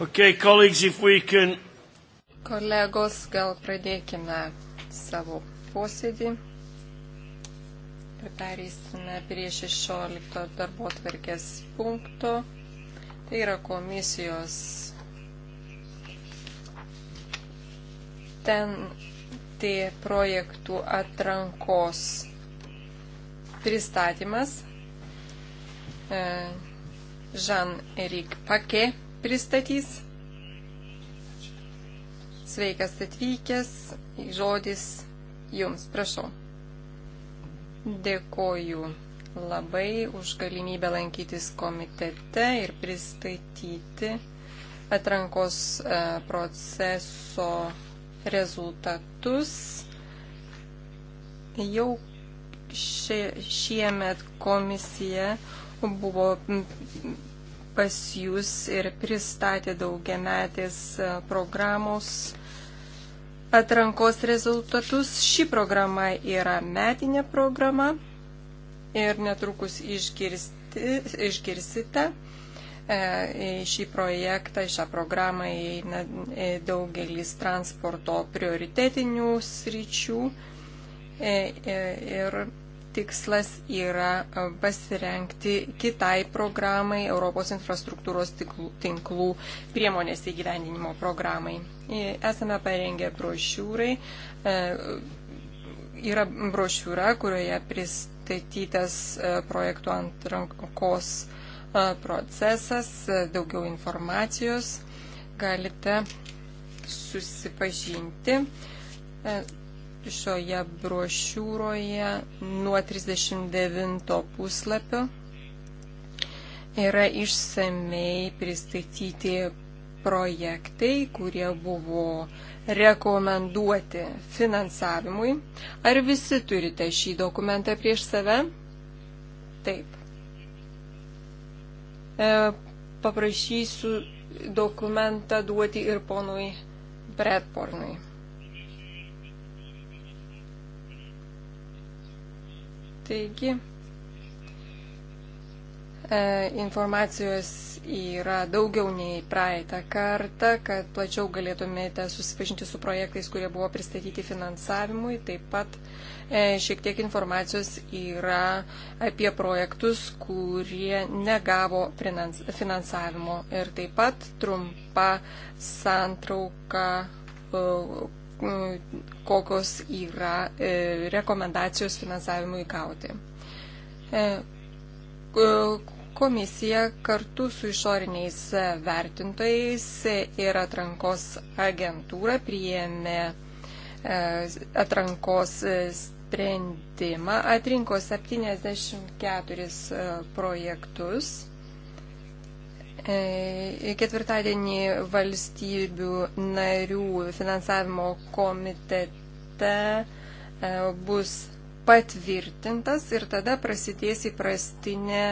Okay, colleagues, if we can... Kolegos, gal pradėkime savo posėdį ir pereisime prie 16 darbo tvarkės punkto. Tai yra komisijos ten tie projektų atrankos pristatymas. Žan-Erik e, Pakė pristatys. Sveikas atvykęs, žodis jums, prašau. Dėkoju labai už galimybę lankytis komitete ir pristatyti atrankos e, proceso rezultatus. Jau šie, šiemet komisija buvo pas jūs ir pristatė daugiametės e, programos atrankos rezultatus. Ši programa yra metinė programa ir netrukus išgirsti, išgirsite e, į šį projektą, į šią programą įeina e, daugelis transporto prioritetinių sričių ir tikslas yra e, pasirenkti kitai programai Europos infrastruktūros tinklų priemonės įgyvendinimo programai. E, esame parengę brošiūrai. E, yra brošiūra, kurioje pristatytas projektų ant rankos procesas, daugiau informacijos galite susipažinti šioje brošiūroje nuo 39 puslapio yra išsamei pristatyti projektai, kurie buvo rekomenduoti finansavimui. Ar visi turite šį dokumentą prieš save? Taip. E, paprašysiu dokumentą duoti ir ponui Bredpornui. Taigi, e, informacijos yra daugiau nei praeitą kartą, kad plačiau galėtumėte susipažinti su projektais, kurie buvo pristatyti finansavimui. Taip pat e, šiek tiek informacijos yra apie projektus, kurie negavo finansavimo. Ir taip pat trumpa santrauka e, E, kokios yra e, rekomendacijos finansavimui gauti. E, komisija kartu su išoriniais vertintojais ir atrankos agentūra priėmė atrankos sprendimą, atrinko 74 projektus E, ketvirtadienį valstybių narių finansavimo komitete e, bus patvirtintas ir tada prasidės įprastinė e,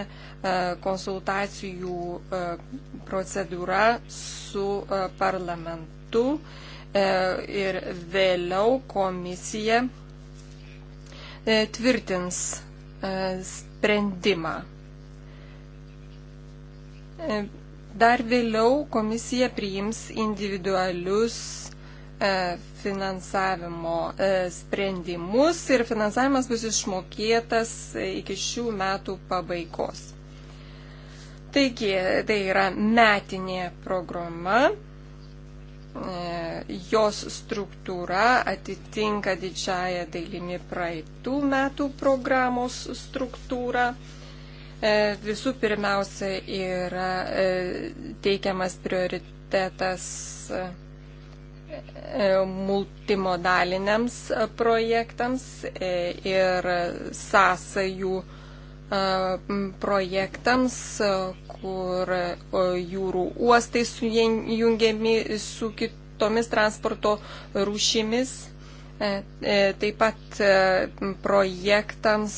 konsultacijų procedūra su parlamentu ir vėliau komisija tvirtins sprendimą. Dar vėliau komisija priims individualius e, finansavimo e, sprendimus ir finansavimas bus išmokėtas iki šių metų pabaigos. Taigi, tai yra metinė programa, e, jos struktūra atitinka didžiąją dalimi praeitų metų programos struktūrą. E, visų pirmiausia yra e, teikiamas prioritetas e, multimodaliniams projektams ir sąsajų projektams, kur jūrų uostai sujungiami su kitomis transporto rūšimis. E, e, taip pat e, projektams,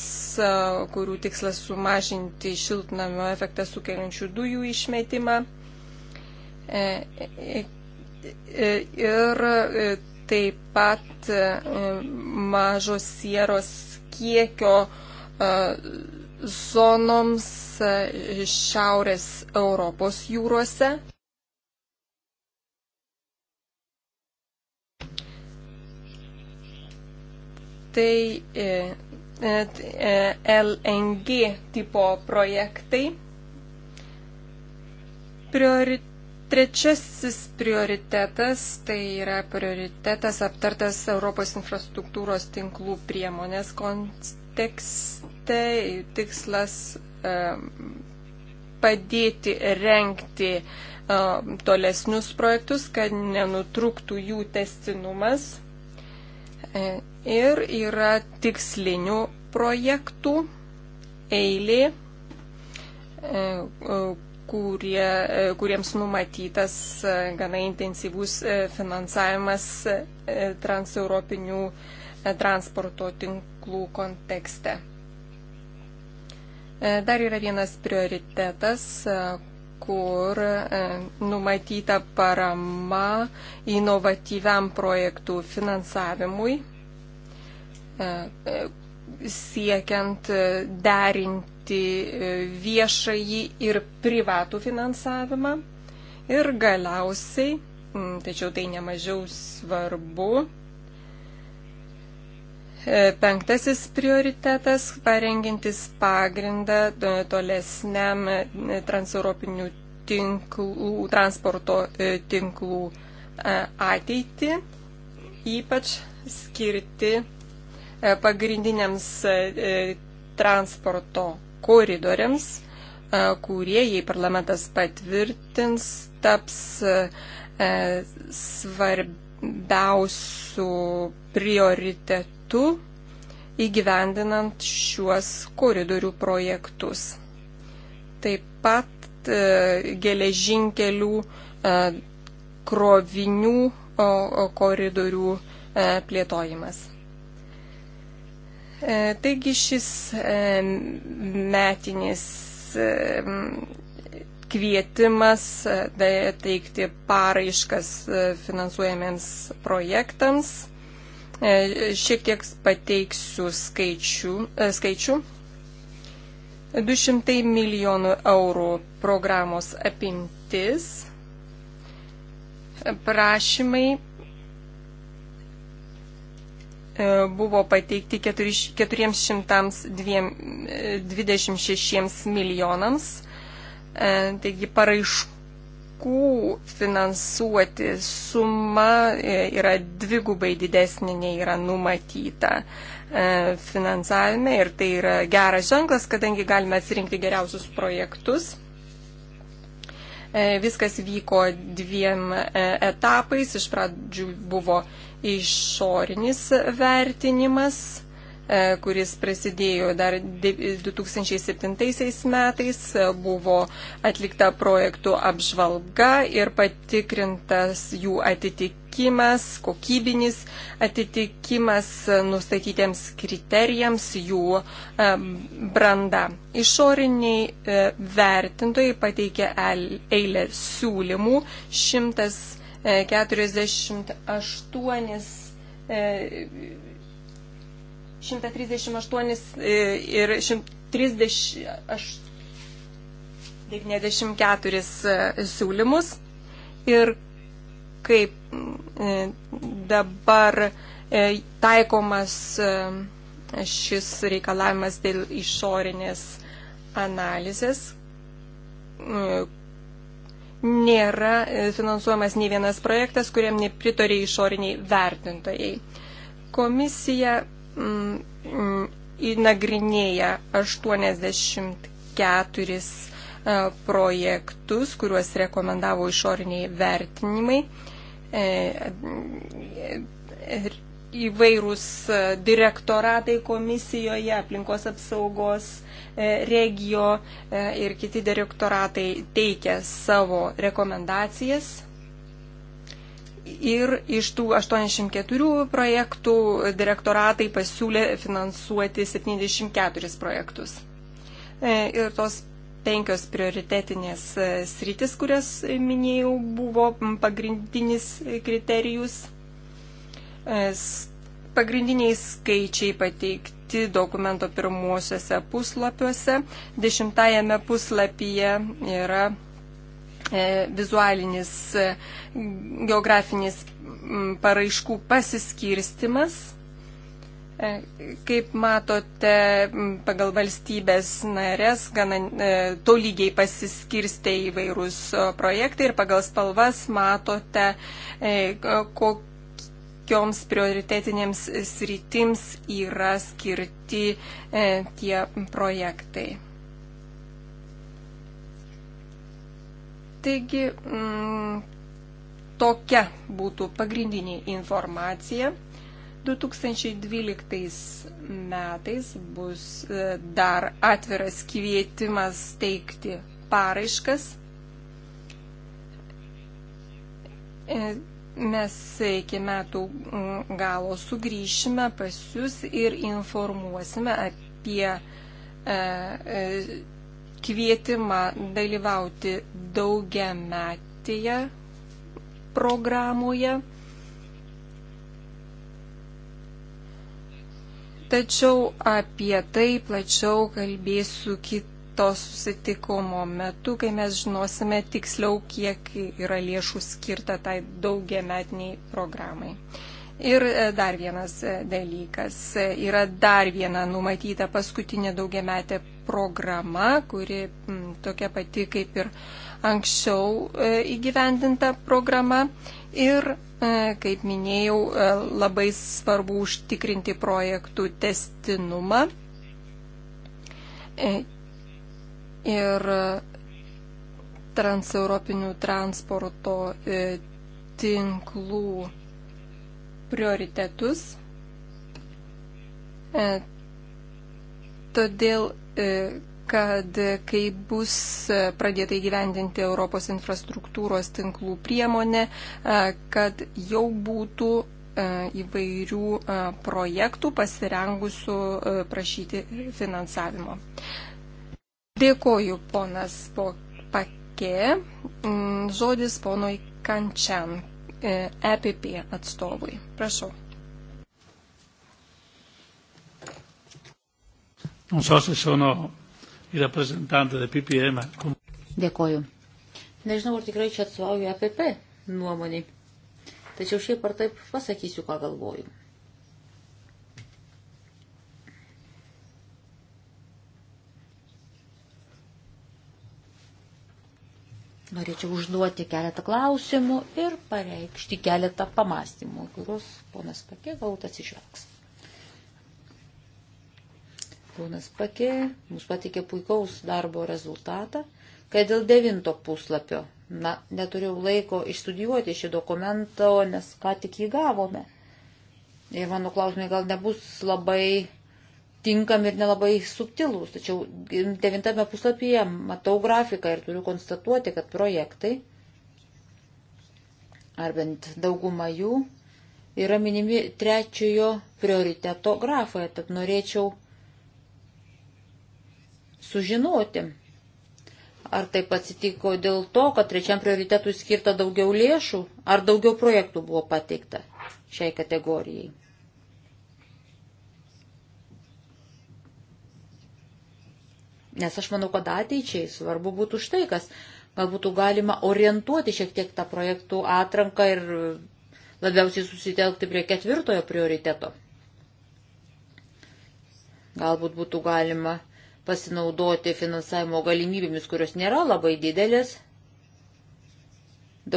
kurių tikslas sumažinti šiltnamio efektą sukeliančių dujų išmetimą. Ir taip pat mažos sieros kiekio zonoms Šiaurės Europos jūrose. tai e, e, e, LNG tipo projektai. Priori... Trečiasis prioritetas tai yra prioritetas aptartas Europos infrastruktūros tinklų priemonės kontekste. Tikslas padėti renkti tolesnius projektus, kad nenutrūktų jų testinumas ir yra tikslinių projektų eilė, e, e, kurie, e, kuriems numatytas gana intensyvus finansavimas transeuropinių transporto tinklų kontekste. Dar yra vienas prioritetas, kur numatyta parama inovatyviam projektų finansavimui siekiant e, derinti e, viešąjį ir privatų finansavimą. Ir galiausiai, tačiau tai nemažiau svarbu, e, penktasis prioritetas - parengintis pagrindą tolesniam transeuropinių tinklų, transporto tinklų ateitį, ypač skirti E, pagrindiniams e, e, transporto koridoriams, kurie, jei parlamentas patvirtins, taps svarbiausių prioritetų įgyvendinant šiuos koridorių projektus. Taip pat geležinkelių krovinių koridorių plėtojimas. E, taigi šis e, metinis e, kvietimas teikti paraiškas finansuojamiems projektams. Šiek tiek pateiksiu skaičių. skaičių. 200 milijonų eurų programos apimtis. Prašymai E, buvo pateikti 426 e, milijonams. E, taigi paraiškų finansuoti suma yra dvigubai didesnė nei yra numatyta finansavime ir tai yra geras ženklas, kadangi galime atsirinkti geriausius projektus. Viskas vyko dviem etapais. Iš pradžių buvo išorinis vertinimas, e, kuris prasidėjo dar 2007 metais, e, buvo atlikta projektų apžvalga ir patikrintas jų atitikimas, kokybinis atitikimas nustatytiems kriterijams jų e, branda. Išoriniai vertintojai pateikė eilę siūlymų, šimtas 48 e, 138 e, e, ir 194 siūlymus. Ir kaip dabar taikomas šis reikalavimas dėl išorinės analizės, nėra e, finansuojamas nei vienas projektas, kuriam nepritarė išoriniai vertintojai. Komisija mm, mm, įnagrinėja 84 e, projektus, kuriuos rekomendavo išoriniai vertinimai. E, įvairūs direktoratai komisijoje, aplinkos apsaugos E, regio e, ir kiti direktoratai teikia savo rekomendacijas. Ir iš tų 84 projektų direktoratai pasiūlė finansuoti 74 projektus. E, ir tos penkios prioritetinės sritis, kurias minėjau, buvo pagrindinis kriterijus pagrindiniai skaičiai pateikti pateikti dokumento pirmuosiuose puslapiuose. Dešimtajame puslapyje yra e, vizualinis e, geografinis paraiškų pasiskirstimas. E, kaip matote, pagal valstybės narės gana tolygiai pasiskirstė įvairūs projektai ir pagal spalvas matote, kok kokioms prioritetinėms sritims yra skirti e, tie projektai. Taigi, m, mm, tokia būtų pagrindinė informacija. 2012 metais bus e, dar atviras kvietimas teikti paraiškas. E, Mes iki metų mm, galo sugrįšime pas jūs ir informuosime apie e, e, kvietimą dalyvauti daugiametėje programoje. Tačiau apie tai plačiau kalbėsiu kitą kito susitikumo metu, kai mes žinosime tiksliau, kiek yra lėšų skirta tai daugiametiniai programai. Ir e, dar vienas e, dalykas. E, yra dar viena numatyta paskutinė daugiametė programa, kuri m, tokia pati kaip ir anksčiau e, įgyvendinta programa. Ir, e, kaip minėjau, e, labai svarbu užtikrinti projektų testinumą. E, ir transeuropinių transporto e, tinklų prioritetus. E, todėl, e, kad kai bus pradėta įgyvendinti Europos infrastruktūros tinklų priemonė, kad jau būtų įvairių projektų pasirengusių prašyti finansavimo. Dėkoju, ponas Pakė. Mm, žodis ponui Kančian, EPP e atstovui. Prašau. Non so se sono il rappresentante del PPE, ma... Dėkoju. Nežinau, ar tikrai čia atstovauju APP e nuomonį, tačiau šiaip ar taip pasakysiu, ką galvoju. Norėčiau užduoti keletą klausimų ir pareikšti keletą pamastymų, kuriuos ponas Pakė galbūt atsižvelgs. Ponas Pakė mums patikė puikaus darbo rezultatą, kai dėl devinto puslapio, na, neturėjau laiko išstudijuoti šį dokumentą, nes ką tik jį gavome. Ir mano klausimai gal nebus labai tinkami ir nelabai subtilūs. Tačiau devintame puslapyje matau grafiką ir turiu konstatuoti, kad projektai, ar bent dauguma jų, yra minimi trečiojo prioriteto grafoje. Tad norėčiau sužinoti, ar taip atsitiko dėl to, kad trečiam prioritetui skirta daugiau lėšų, ar daugiau projektų buvo pateikta šiai kategorijai. Nes aš manau, kad ateičiai svarbu būtų štai kas. Gal būtų galima orientuoti šiek tiek tą projektų atranką ir labiausiai susitelkti prie ketvirtojo prioriteto. Galbūt būtų galima pasinaudoti finansavimo galimybėmis, kurios nėra labai didelės,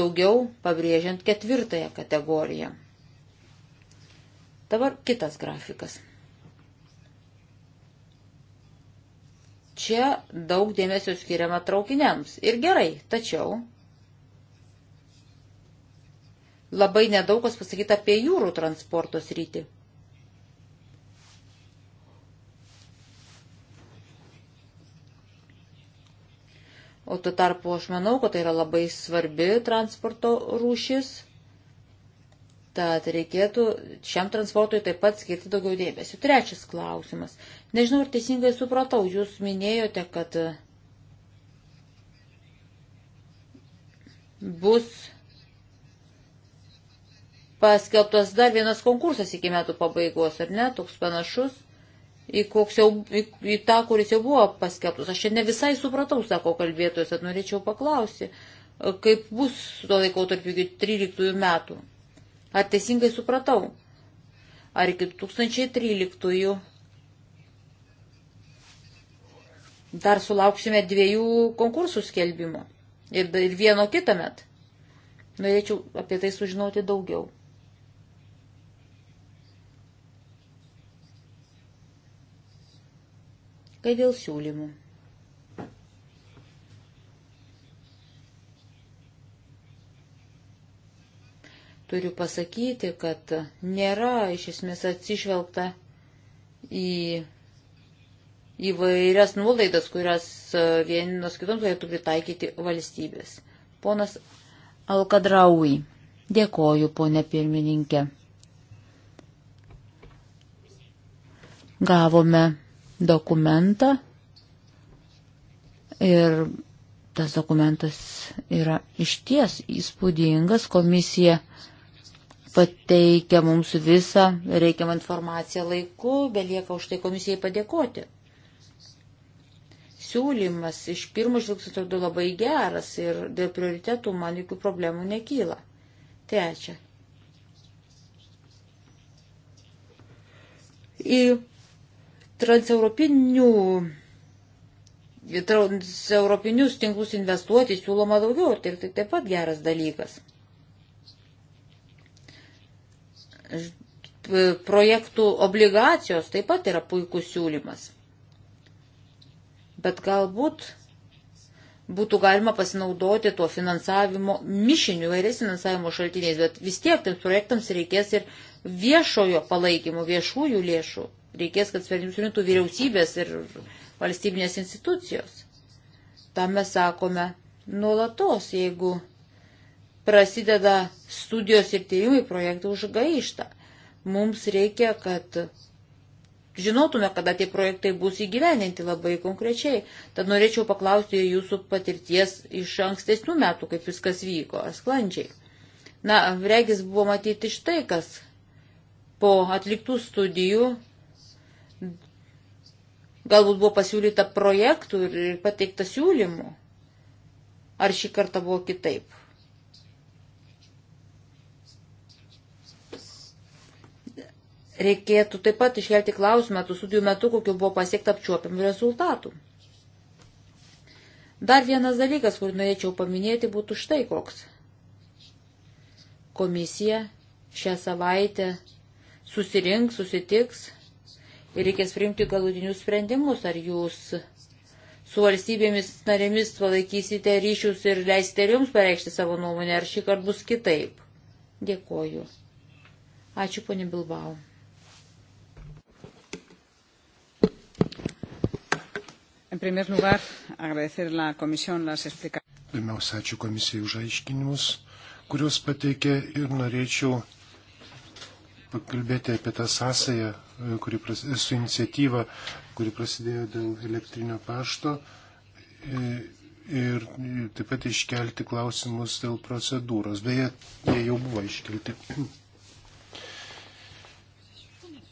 daugiau pabrėžiant ketvirtąją kategoriją. Dabar kitas grafikas. Čia daug dėmesio skiriama traukiniams. Ir gerai, tačiau labai nedaug kas pasakyta apie jūrų transporto sritį. O tuo tarpu aš manau, kad tai yra labai svarbi transporto rūšis. Tad reikėtų šiam transportui taip pat skirti daugiau dėmesio. Trečias klausimas. Nežinau, ar teisingai supratau, jūs minėjote, kad bus paskelbtas dar vienas konkursas iki metų pabaigos, ar ne, toks panašus į, jau, į, į tą, kuris jau buvo paskelbtas. Aš čia ne visai supratau, sako kalbėtojas, kad norėčiau paklausyti, kaip bus su to laikotarpiu iki 13 metų. Ar teisingai supratau? Ar iki 2013 dar sulauksime dviejų konkursų skelbimo ir, ir vieno kitą met? Norėčiau apie tai sužinoti daugiau. Kai dėl siūlymų. Turiu pasakyti, kad nėra iš esmės atsižvelgta į įvairias nuolaidas, kurias e, vienos kitoms galėtų pritaikyti valstybės. Ponas Alkadraui, dėkoju, ponė pirmininkė. Gavome dokumentą ir tas dokumentas yra išties įspūdingas. Komisija uh, pateikia mums visą reikiamą informaciją laiku, belieka už tai komisijai padėkoti. Siūlymas iš pirmo žvilgsnio atrodo labai geras ir dėl prioritetų man jokių problemų nekyla. Trečia. Į transeuropinių transeuropinius tinklus investuoti siūloma daugiau ir tai, tai taip pat geras dalykas. E, projektų obligacijos taip pat yra puikus siūlymas. Bet galbūt būtų galima pasinaudoti tuo finansavimo mišiniu, vairiais finansavimo šaltiniais, bet vis tiek tiems projektams reikės ir viešojo palaikymo, viešųjų lėšų. Reikės, kad sprendimus rimtų vyriausybės ir valstybinės institucijos. Tam mes sakome nuolatos, jeigu prasideda studijos ir tyrimai projektai užgaišta. Mums reikia, kad žinotume, kada tie projektai bus įgyveninti labai konkrečiai. Tad norėčiau paklausti jūsų patirties iš ankstesnių metų, kaip viskas vyko, ar sklandžiai. Na, regis buvo matyti štai kas. Po atliktų studijų galbūt buvo pasiūlyta projektų ir pateikta siūlymų. Ar šį kartą buvo kitaip? reikėtų taip pat iškelti klausimą tų studijų metu, kokiu buvo pasiekta apčiuopiamų rezultatų. Dar vienas dalykas, kurį norėčiau paminėti, būtų štai koks. Komisija šią savaitę susirinks, susitiks ir reikės priimti galutinius sprendimus, ar jūs su valstybėmis narėmis palaikysite ryšius ir leisite ir jums pareikšti savo nuomonę, ar šį kartą bus kitaip. Dėkoju. Ačiū, ponė Bilbao. Pirmiausia, ačiū komisijai už aiškinimus, kuriuos pateikė ir norėčiau pakalbėti apie tą sąsąją e, pras... E, su iniciatyva, kuri prasidėjo dėl elektrinio pašto e, ir taip pat iškelti klausimus dėl procedūros. Beje, jie jau buvo iškelti.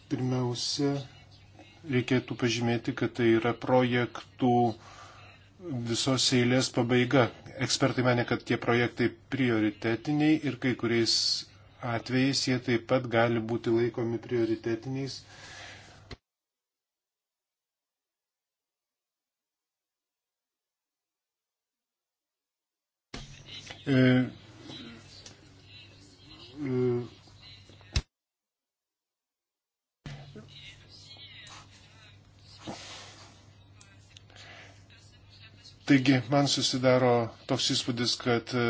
Pirmiausia, reikėtų pažymėti, kad tai yra projektų visos eilės pabaiga. Ekspertai mane, kad tie projektai prioritetiniai ir kai kuriais atvejais jie taip pat gali būti laikomi prioritetiniais. E, e, Taigi, man susidaro toks įspūdis, kad e,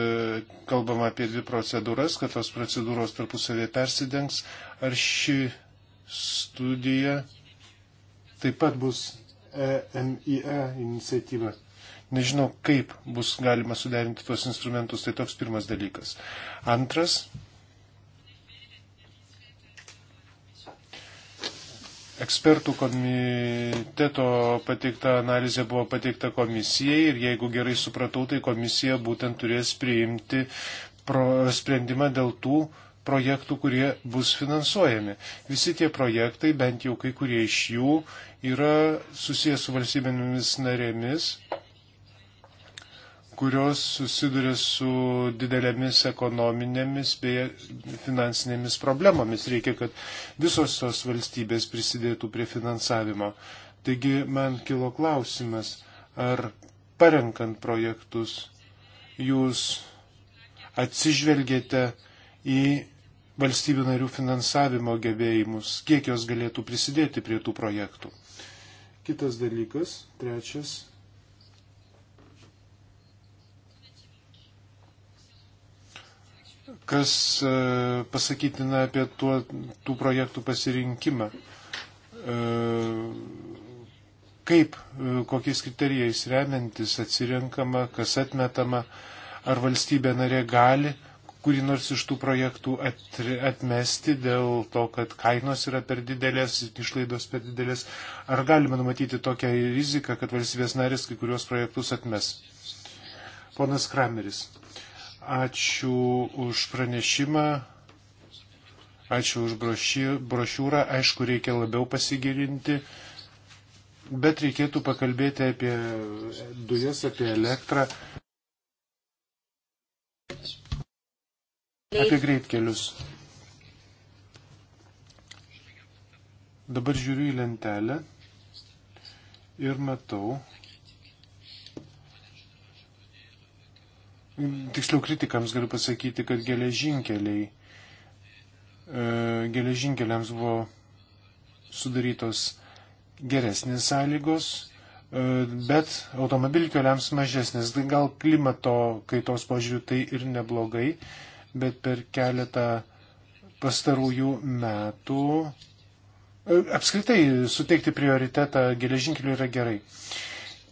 kalbama apie dvi procedūras, kad tos procedūros tarpusavėje persidengs. Ar ši studija taip pat bus EMIE e iniciatyva? Nežinau, kaip bus galima suderinti tuos instrumentus, tai toks pirmas dalykas. Antras Ekspertų komiteto pateikta analizė buvo pateikta komisijai ir jeigu gerai supratau, tai komisija būtent turės priimti pro, sprendimą dėl tų projektų, kurie bus finansuojami. Visi tie projektai, bent jau kai kurie iš jų, yra susijęs su valstybėmis narėmis kurios susiduria su didelėmis ekonominėmis bei finansinėmis problemomis. Reikia, kad visos tos valstybės prisidėtų prie finansavimo. Taigi man kilo klausimas, ar parenkant projektus jūs atsižvelgėte į valstybių narių finansavimo gebėjimus, kiek jos galėtų prisidėti prie tų projektų. Kitas dalykas, trečias kas e, pasakytina apie tuo, tų projektų pasirinkimą. E, kaip, e, kokiais kriterijais remiantis atsirinkama, kas atmetama, ar valstybė narė gali kurį nors iš tų projektų atmesti dėl to, kad kainos yra per didelės, išlaidos per didelės. Ar galima numatyti tokią riziką, kad valstybės narės kai kurios projektus atmes? Ponas Krameris ačiū už pranešimą, ačiū už brošiūrą, aišku, reikia labiau pasigirinti, bet reikėtų pakalbėti apie dujas, apie elektrą, apie greitkelius. Dabar žiūriu į lentelę ir matau, tiksliau kritikams galiu pasakyti, kad geležinkeliai, e, geležinkeliams buvo sudarytos geresnės sąlygos, e, bet automobilių keliams mažesnės. Tai gal klimato kaitos požiūrių tai ir neblogai, bet per keletą pastarųjų metų e, apskritai suteikti prioritetą geležinkeliu yra gerai.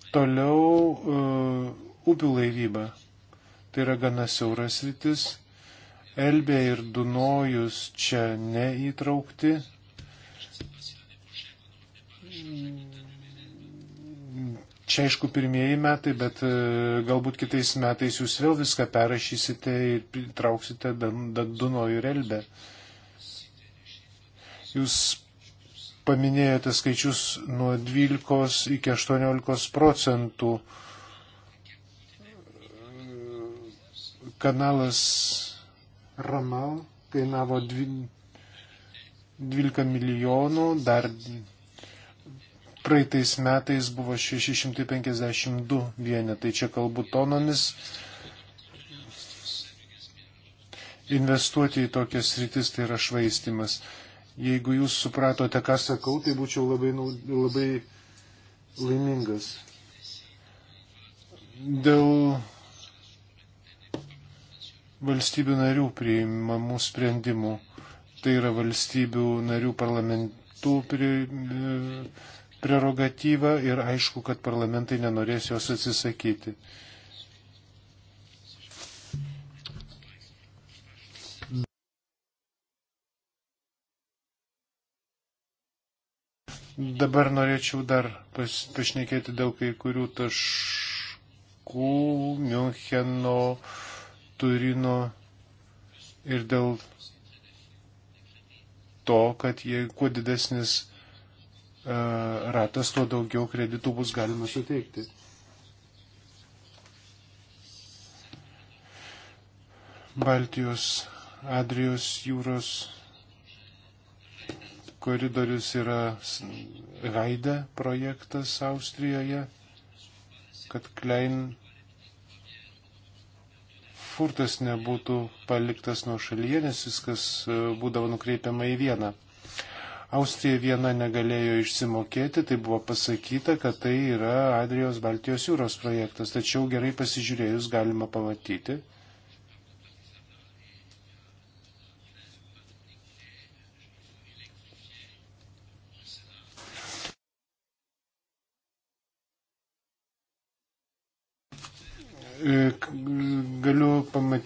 Toliau upių laivyba. Tai yra gana siauras rytis. Elbė ir Dunojus čia neįtraukti. Čia aišku pirmieji metai, bet e, galbūt kitais metais jūs vėl viską perrašysite ir trauksite Dunojų ir Elbę. Jūs paminėjote skaičius nuo 12 iki 18 procentų kanalas Ramal kainavo 12 milijonų, dar praeitais metais buvo 652 vienetai, čia kalbu tonomis. Investuoti į tokias rytis tai yra švaistimas. Jeigu jūs supratote, ką sakau, tai būčiau labai, labai laimingas. Dėl valstybių narių priimamų sprendimų. Tai yra valstybių narių parlamentų prerogatyva ir aišku, kad parlamentai nenorės jos atsisakyti. Dabar norėčiau dar pas, pašnekėti dėl kai kurių taškų Müncheno uh, Turino ir dėl to, kad jie kuo didesnis e, ratas, tuo daugiau kreditų bus galima suteikti. Baltijos, Adrijos jūros koridorius yra Raide projektas Austrijoje, kad Klein Frankfurtas nebūtų paliktas nuo šalyje, nes viskas e, būdavo nukreipiama į vieną. Austrija viena negalėjo išsimokėti, tai buvo pasakyta, kad tai yra Adrijos Baltijos jūros projektas, tačiau gerai pasižiūrėjus galima pamatyti,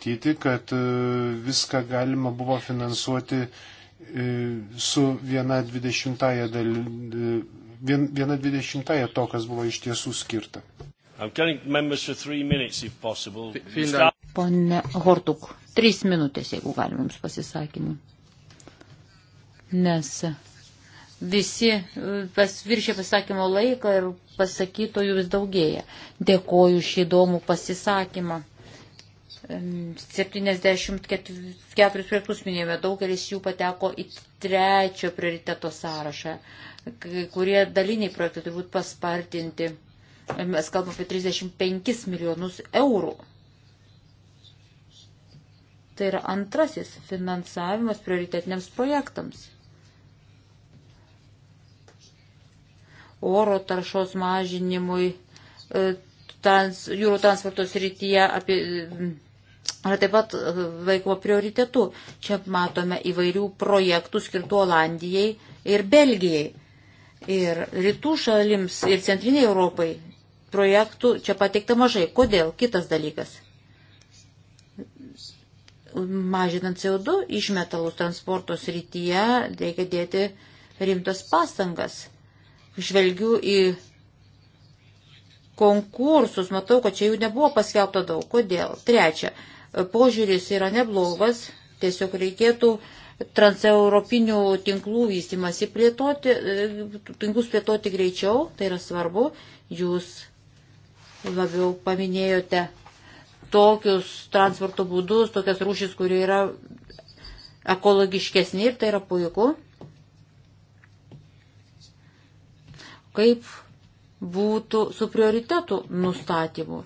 matyti, kad e, viską galima buvo finansuoti e, su viena dvidešimtaja dalimi, e, vien, viena dvidešimtaja to, kas buvo iš tiesų skirta. Pone Hortuk, trys minutės, jeigu galim jums pasisakymų. Nes visi pas viršė pasakymo laiką ir pasakytojų vis daugėja. Dėkoju šį įdomų pasisakymą. 74 prioritetus minėjome, daugelis jų pateko į trečio prioriteto sąrašą, kurie daliniai projektai turi būti paspartinti. Mes kalbame apie 35 milijonus eurų. Tai yra antrasis finansavimas prioritetiniams projektams. Oro taršos mažinimui, e, trans, jūrų transporto srityje apie yra taip pat laiko e, prioritetu. Čia matome įvairių projektų skirtų Olandijai ir Belgijai. Ir rytų šalims ir centriniai Europai projektų čia pateikta mažai. Kodėl? Kitas dalykas. Mažinant CO2 išmetalus transporto srityje reikia dėti rimtas pastangas. Žvelgiu į konkursus, matau, kad čia jų nebuvo paskelbta daug. Kodėl? Trečia, požiūris yra neblogas, tiesiog reikėtų transeuropinių tinklų vystimasi plėtoti, e, tinklus plėtoti greičiau, tai yra svarbu. Jūs labiau paminėjote tokius transporto būdus, tokias rūšis, kurie yra ekologiškesni ir tai yra puiku. Kaip būtų su prioritetų nustatymu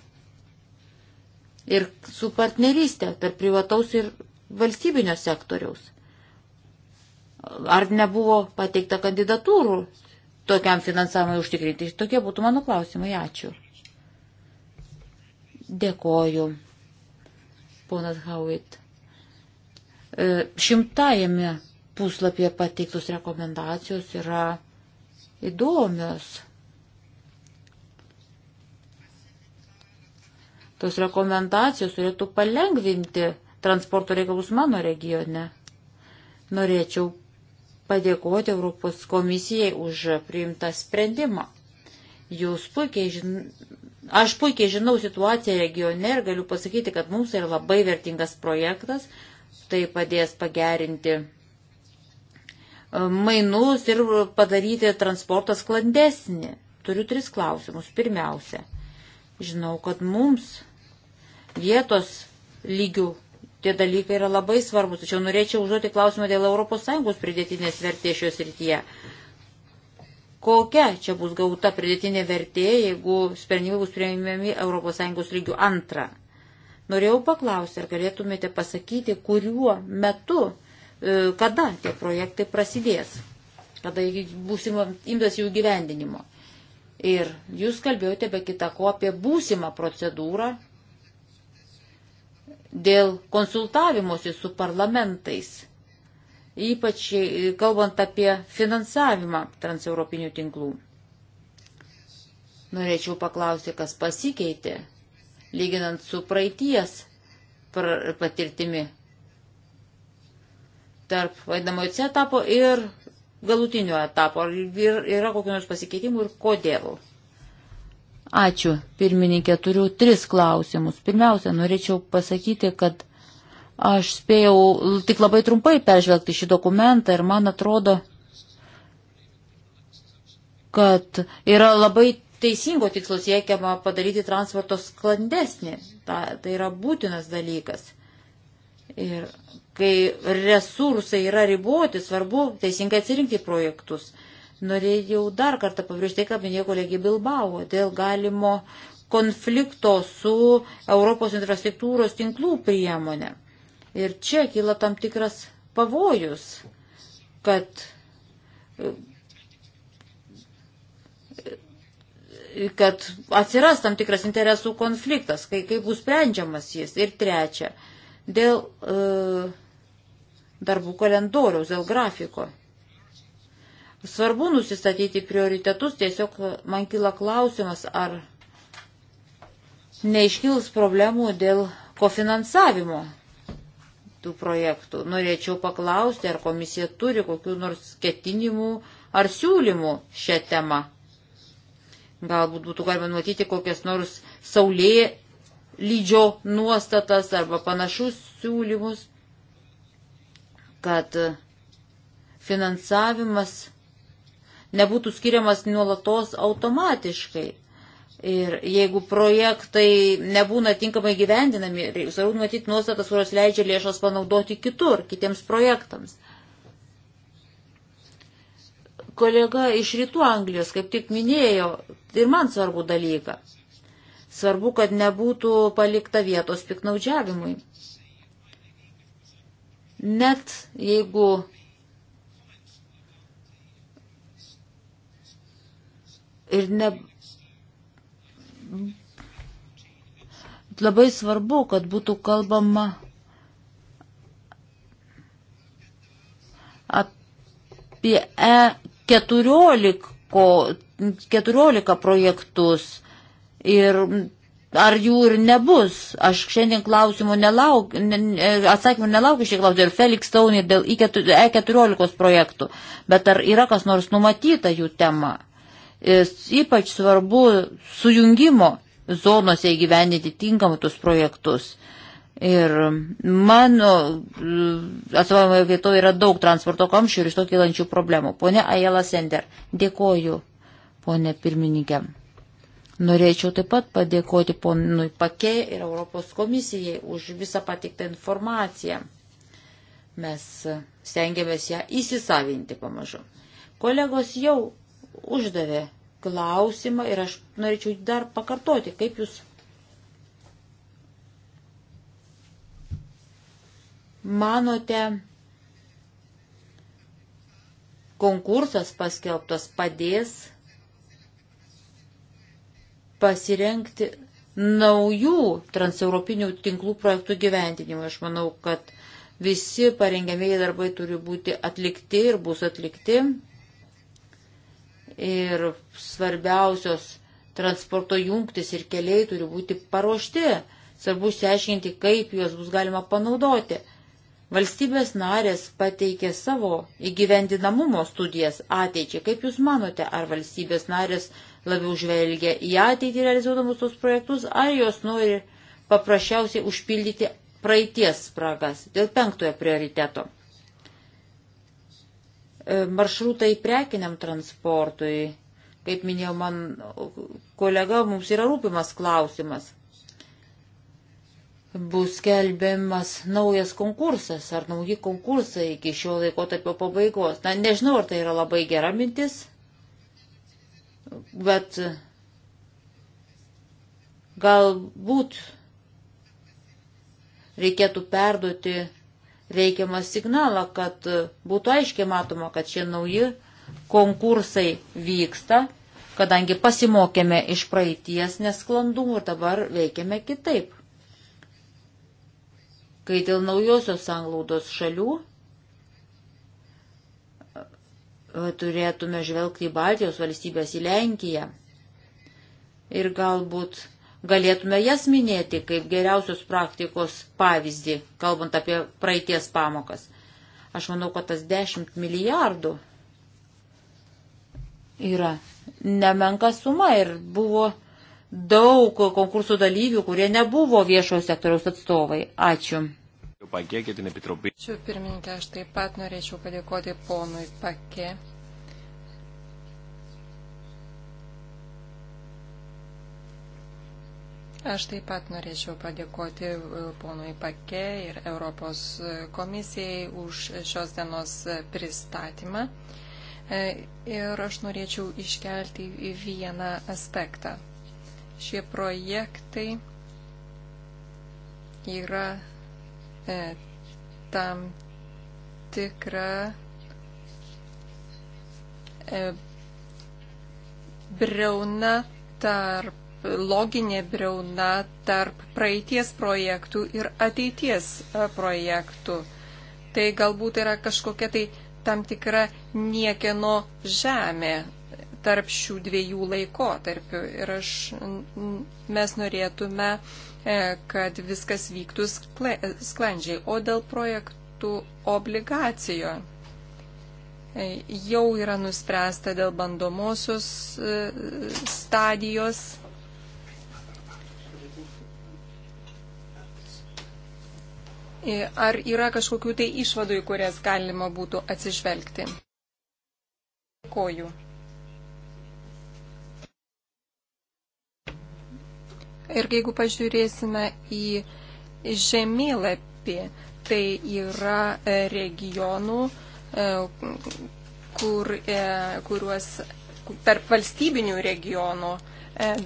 ir su partnerystė tarp privataus ir valstybinio sektoriaus. Ar nebuvo pateikta kandidatūrų tokiam finansavimui užtikrinti? Tai tokie būtų mano klausimai. Ačiū. Dėkoju, ponas Hauit. E, šimtajame puslapyje pateiktos rekomendacijos yra įdomios. Tos rekomendacijos turėtų palengvinti transporto reikalus mano regione. Norėčiau padėkoti Europos komisijai už priimtą sprendimą. Jūs puikiai žin... Aš puikiai žinau situaciją regione ir galiu pasakyti, kad mums yra labai vertingas projektas. Tai padės pagerinti e, mainus ir padaryti transportą sklandesnį. Turiu tris klausimus. Pirmiausia, Žinau, kad mums vietos lygių tie dalykai yra labai svarbus, tačiau norėčiau užduoti klausimą dėl ES pridėtinės vertės šios rytyje. Kokia čia bus gauta pridėtinė vertė, jeigu sprendimai bus priimami ES lygių antrą? Norėjau paklausti, ar galėtumėte pasakyti, kuriuo metu, e, kada tie projektai prasidės, kada bus imtas jų gyvendinimo. Ir jūs kalbėjote be kita ko apie būsimą procedūrą dėl konsultavimuose su parlamentais, ypač kalbant apie finansavimą transeuropinių tinklų. Norėčiau paklausti, kas pasikeitė, lyginant su praeities patirtimi tarp vadinamojo C etapo ir galutinio etapo? Ar yra kokių nors pasikeitimų ir kodėl? Ačiū, pirmininkė, turiu tris klausimus. Pirmiausia, norėčiau pasakyti, kad aš spėjau tik labai trumpai peržvelgti šį dokumentą ir man atrodo, kad yra labai teisingo tikslo siekiama padaryti transporto sklandesnį. Ta, tai yra būtinas dalykas. Ir kai resursai yra riboti, svarbu teisingai atsirinkti projektus. Norėjau dar kartą pabrėžti, tai, ką minėjo kolegė Bilbao, dėl galimo konflikto su Europos infrastruktūros tinklų priemonė. Ir čia kyla tam tikras pavojus, kad kad atsiras tam tikras interesų konfliktas, kai, kai bus sprendžiamas jis. Ir trečia, dėl uh, e, darbų kalendoriaus, dėl grafiko. Svarbu nusistatyti prioritetus, tiesiog man kyla klausimas, ar neiškils problemų dėl kofinansavimo tų projektų. Norėčiau paklausti, ar komisija turi kokiu nors ketinimų ar siūlymų šią temą. Galbūt būtų galima matyti kokias nors saulė lydžio nuostatas arba panašus siūlymus kad finansavimas nebūtų skiriamas nuolatos automatiškai. Ir jeigu projektai nebūna tinkamai gyvendinami, tai svarbu matyti nuostatas, kurios leidžia lėšas panaudoti kitur, kitiems projektams. Kolega iš rytų Anglijos kaip tik minėjo ir man svarbu dalyką. Svarbu, kad nebūtų palikta vietos piknaudžiavimui. Net jeigu ir ne. Labai svarbu, kad būtų kalbama apie E14 14 projektus ir ar jų ir nebus. Aš šiandien klausimų nelaukiu, ne, atsakymų nelaukiu šį klausimą dėl Felix Taunį, dėl E14 e projektų, bet ar yra kas nors numatyta jų tema. Ir ypač svarbu sujungimo zonose įgyvendinti tinkamai tus projektus. Ir mano atsovavimo vietoje yra daug transporto kamščių ir iš to kylančių problemų. Pone Ajela Sender, dėkoju, pone pirmininkė. Norėčiau taip pat padėkoti ponui Pake ir Europos komisijai už visą patiktą informaciją. Mes stengiamės ją įsisavinti pamažu. Kolegos jau uždavė klausimą ir aš norėčiau dar pakartoti, kaip jūs manote, konkursas paskelbtas padės pasirenkti naujų transeuropinių tinklų projektų gyvendinimui. Aš manau, kad visi parengiamieji darbai turi būti atlikti ir bus atlikti. Ir svarbiausios transporto jungtis ir keliai turi būti paruošti. Svarbu išsiaiškinti, kaip juos bus galima panaudoti. Valstybės narės pateikė savo įgyvendinamumo studijas ateičiai. Kaip Jūs manote, ar valstybės narės labiau žvelgia į ateitį realizuodamus tos projektus, ar jos nori paprasčiausiai užpildyti praeities spragas dėl penktojo prioriteto. E, maršrutai prekiniam transportui, kaip minėjo man kolega, mums yra rūpimas klausimas. Bus skelbiamas naujas konkursas ar nauji konkursai iki šio laiko tarpio pabaigos. Na, nežinau, ar tai yra labai gera mintis, bet galbūt reikėtų perduoti reikiamą signalą, kad būtų aiškiai matoma, kad šie nauji konkursai vyksta, kadangi pasimokėme iš praeities nesklandumų ir dabar veikiame kitaip. Kai dėl naujosios sanglaudos šalių turėtume žvelgti į Baltijos valstybės, į Lenkiją. Ir galbūt galėtume jas minėti kaip geriausios praktikos pavyzdį, kalbant apie praeities pamokas. Aš manau, kad tas 10 milijardų yra nemenka suma ir buvo daug konkursų dalyvių, kurie nebuvo viešojo sektoriaus atstovai. Ačiū. Ačiū pirmininkė, aš taip pat norėčiau padėkoti ponui Pake. Aš taip pat norėčiau padėkoti e, ponui Pake ir Europos e, komisijai už šios dienos e, pristatymą. Ir aš norėčiau iškelti vieną aspektą. Šie projektai yra E, tam tikrą e, breuna tarp, loginė breuna tarp praeities projektų ir ateities e, projektų. Tai galbūt yra kažkokia tai tam tikra niekieno žemė, tarp šių dviejų laikotarpių. Ir aš, mes norėtume, e, kad viskas vyktų sklandžiai. O dėl projektų obligacijo e, jau yra nuspręsta dėl bandomosios e, stadijos. Ar yra kažkokių tai išvadų, į kurias galima būtų atsižvelgti? Dėkoju. Ir jeigu pažiūrėsime į žemėlapį, tai yra e, regionų, e, kur, e, kuriuos tarp valstybinių regionų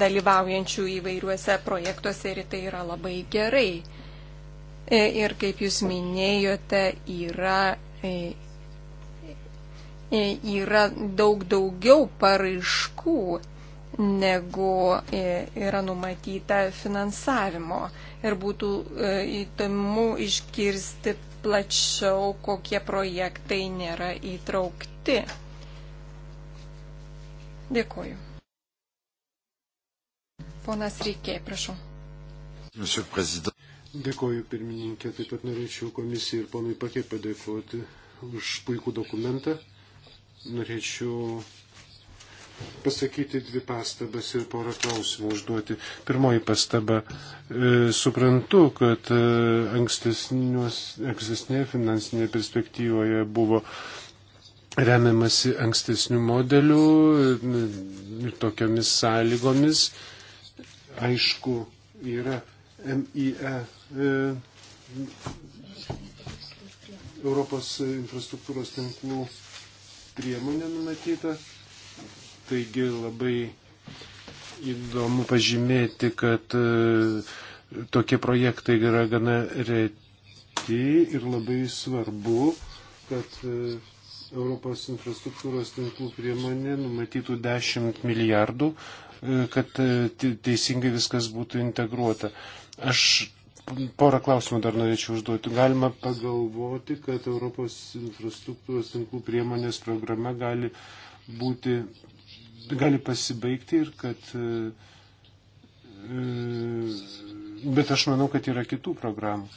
dalyvaujančių įvairiuose projektuose ir tai yra labai gerai. Ir kaip jūs minėjote, yra, yra daug daugiau paraiškų negu e, yra numatyta finansavimo. Ir būtų e, įdomu išgirsti plačiau, kokie projektai nėra įtraukti. Dėkuoju. Ponas Reikė, prašau. Dėkuoju, pirmininkė. Taip pat norėčiau komisijai ir ponui Pakė padėkoti už puikų dokumentą. Norėčiau pasakyti dvi pastabas ir porą klausimų užduoti. Pirmoji pastaba. E, suprantu, kad e, ankstesnėje finansinėje perspektyvoje buvo remiamasi ankstesnių modelių e, ir tokiamis sąlygomis. Aišku, yra MIE. E, Europos infrastruktūros tinklų priemonė numatyta Taigi labai įdomu pažymėti, kad e, tokie projektai yra gana reti ir labai svarbu, kad e, Europos infrastruktūros tinklų priemonė numatytų 10 milijardų, e, kad teisingai viskas būtų integruota. Aš porą klausimų dar norėčiau užduoti. Galima pagalvoti, kad Europos infrastruktūros tinklų priemonės programa gali būti gali pasibaigti ir kad. E, e, bet aš manau, kad yra kitų programų.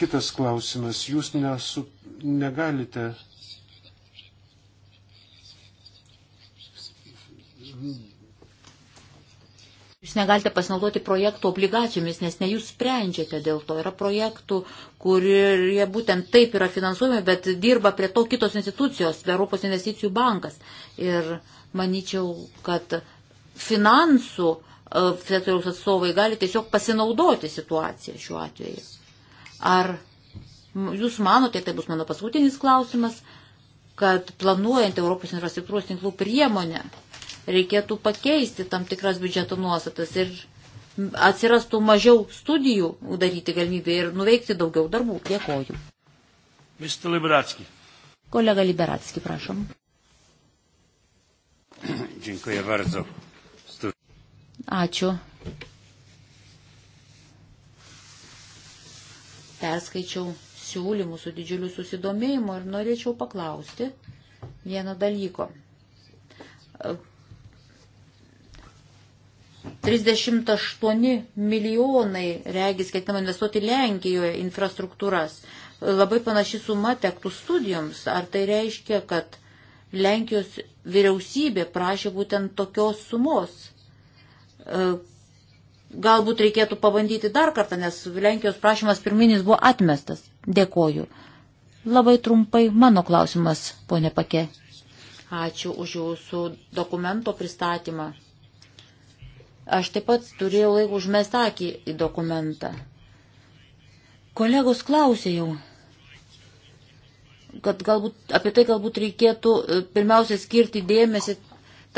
Kitas klausimas. Jūs nesu, negalite Jūs negalite pasinaudoti projektų obligacijomis, nes ne jūs sprendžiate dėl to. Yra projektų, kurie būtent taip yra finansuojami, bet dirba prie to kitos institucijos, Europos investicijų bankas. Ir manyčiau, kad finansų e, sektoriaus atstovai gali tiesiog pasinaudoti situaciją šiuo atveju. Ar jūs manote, tai bus mano paskutinis klausimas, kad planuojant Europos infrastruktūros tinklų priemonę, reikėtų pakeisti tam tikras biudžeto nuostatas ir atsirastų mažiau studijų daryti galimybę ir nuveikti daugiau darbų. Dėkoju. Mr. Liberatski. Kolega Liberatski, prašom. Dziękuję bardzo. Ačiū. Perskaičiau siūlymų su didžiuliu susidomėjimu ir norėčiau paklausti vieno dalyko 38 milijonai regis ketinama investuoti Lenkijoje infrastruktūras. Labai panaši suma tektų studijoms. Ar tai reiškia, kad Lenkijos vyriausybė prašė būtent tokios sumos? E, galbūt reikėtų pabandyti dar kartą, nes Lenkijos prašymas pirminis buvo atmestas. Dėkoju. Labai trumpai mano klausimas, ponė Pake. Ačiū už jūsų dokumento pristatymą. Aš taip pat turėjau laiko užmest akį į dokumentą. Kolegos klausė jau, kad galbūt, apie tai galbūt reikėtų e, pirmiausia skirti dėmesį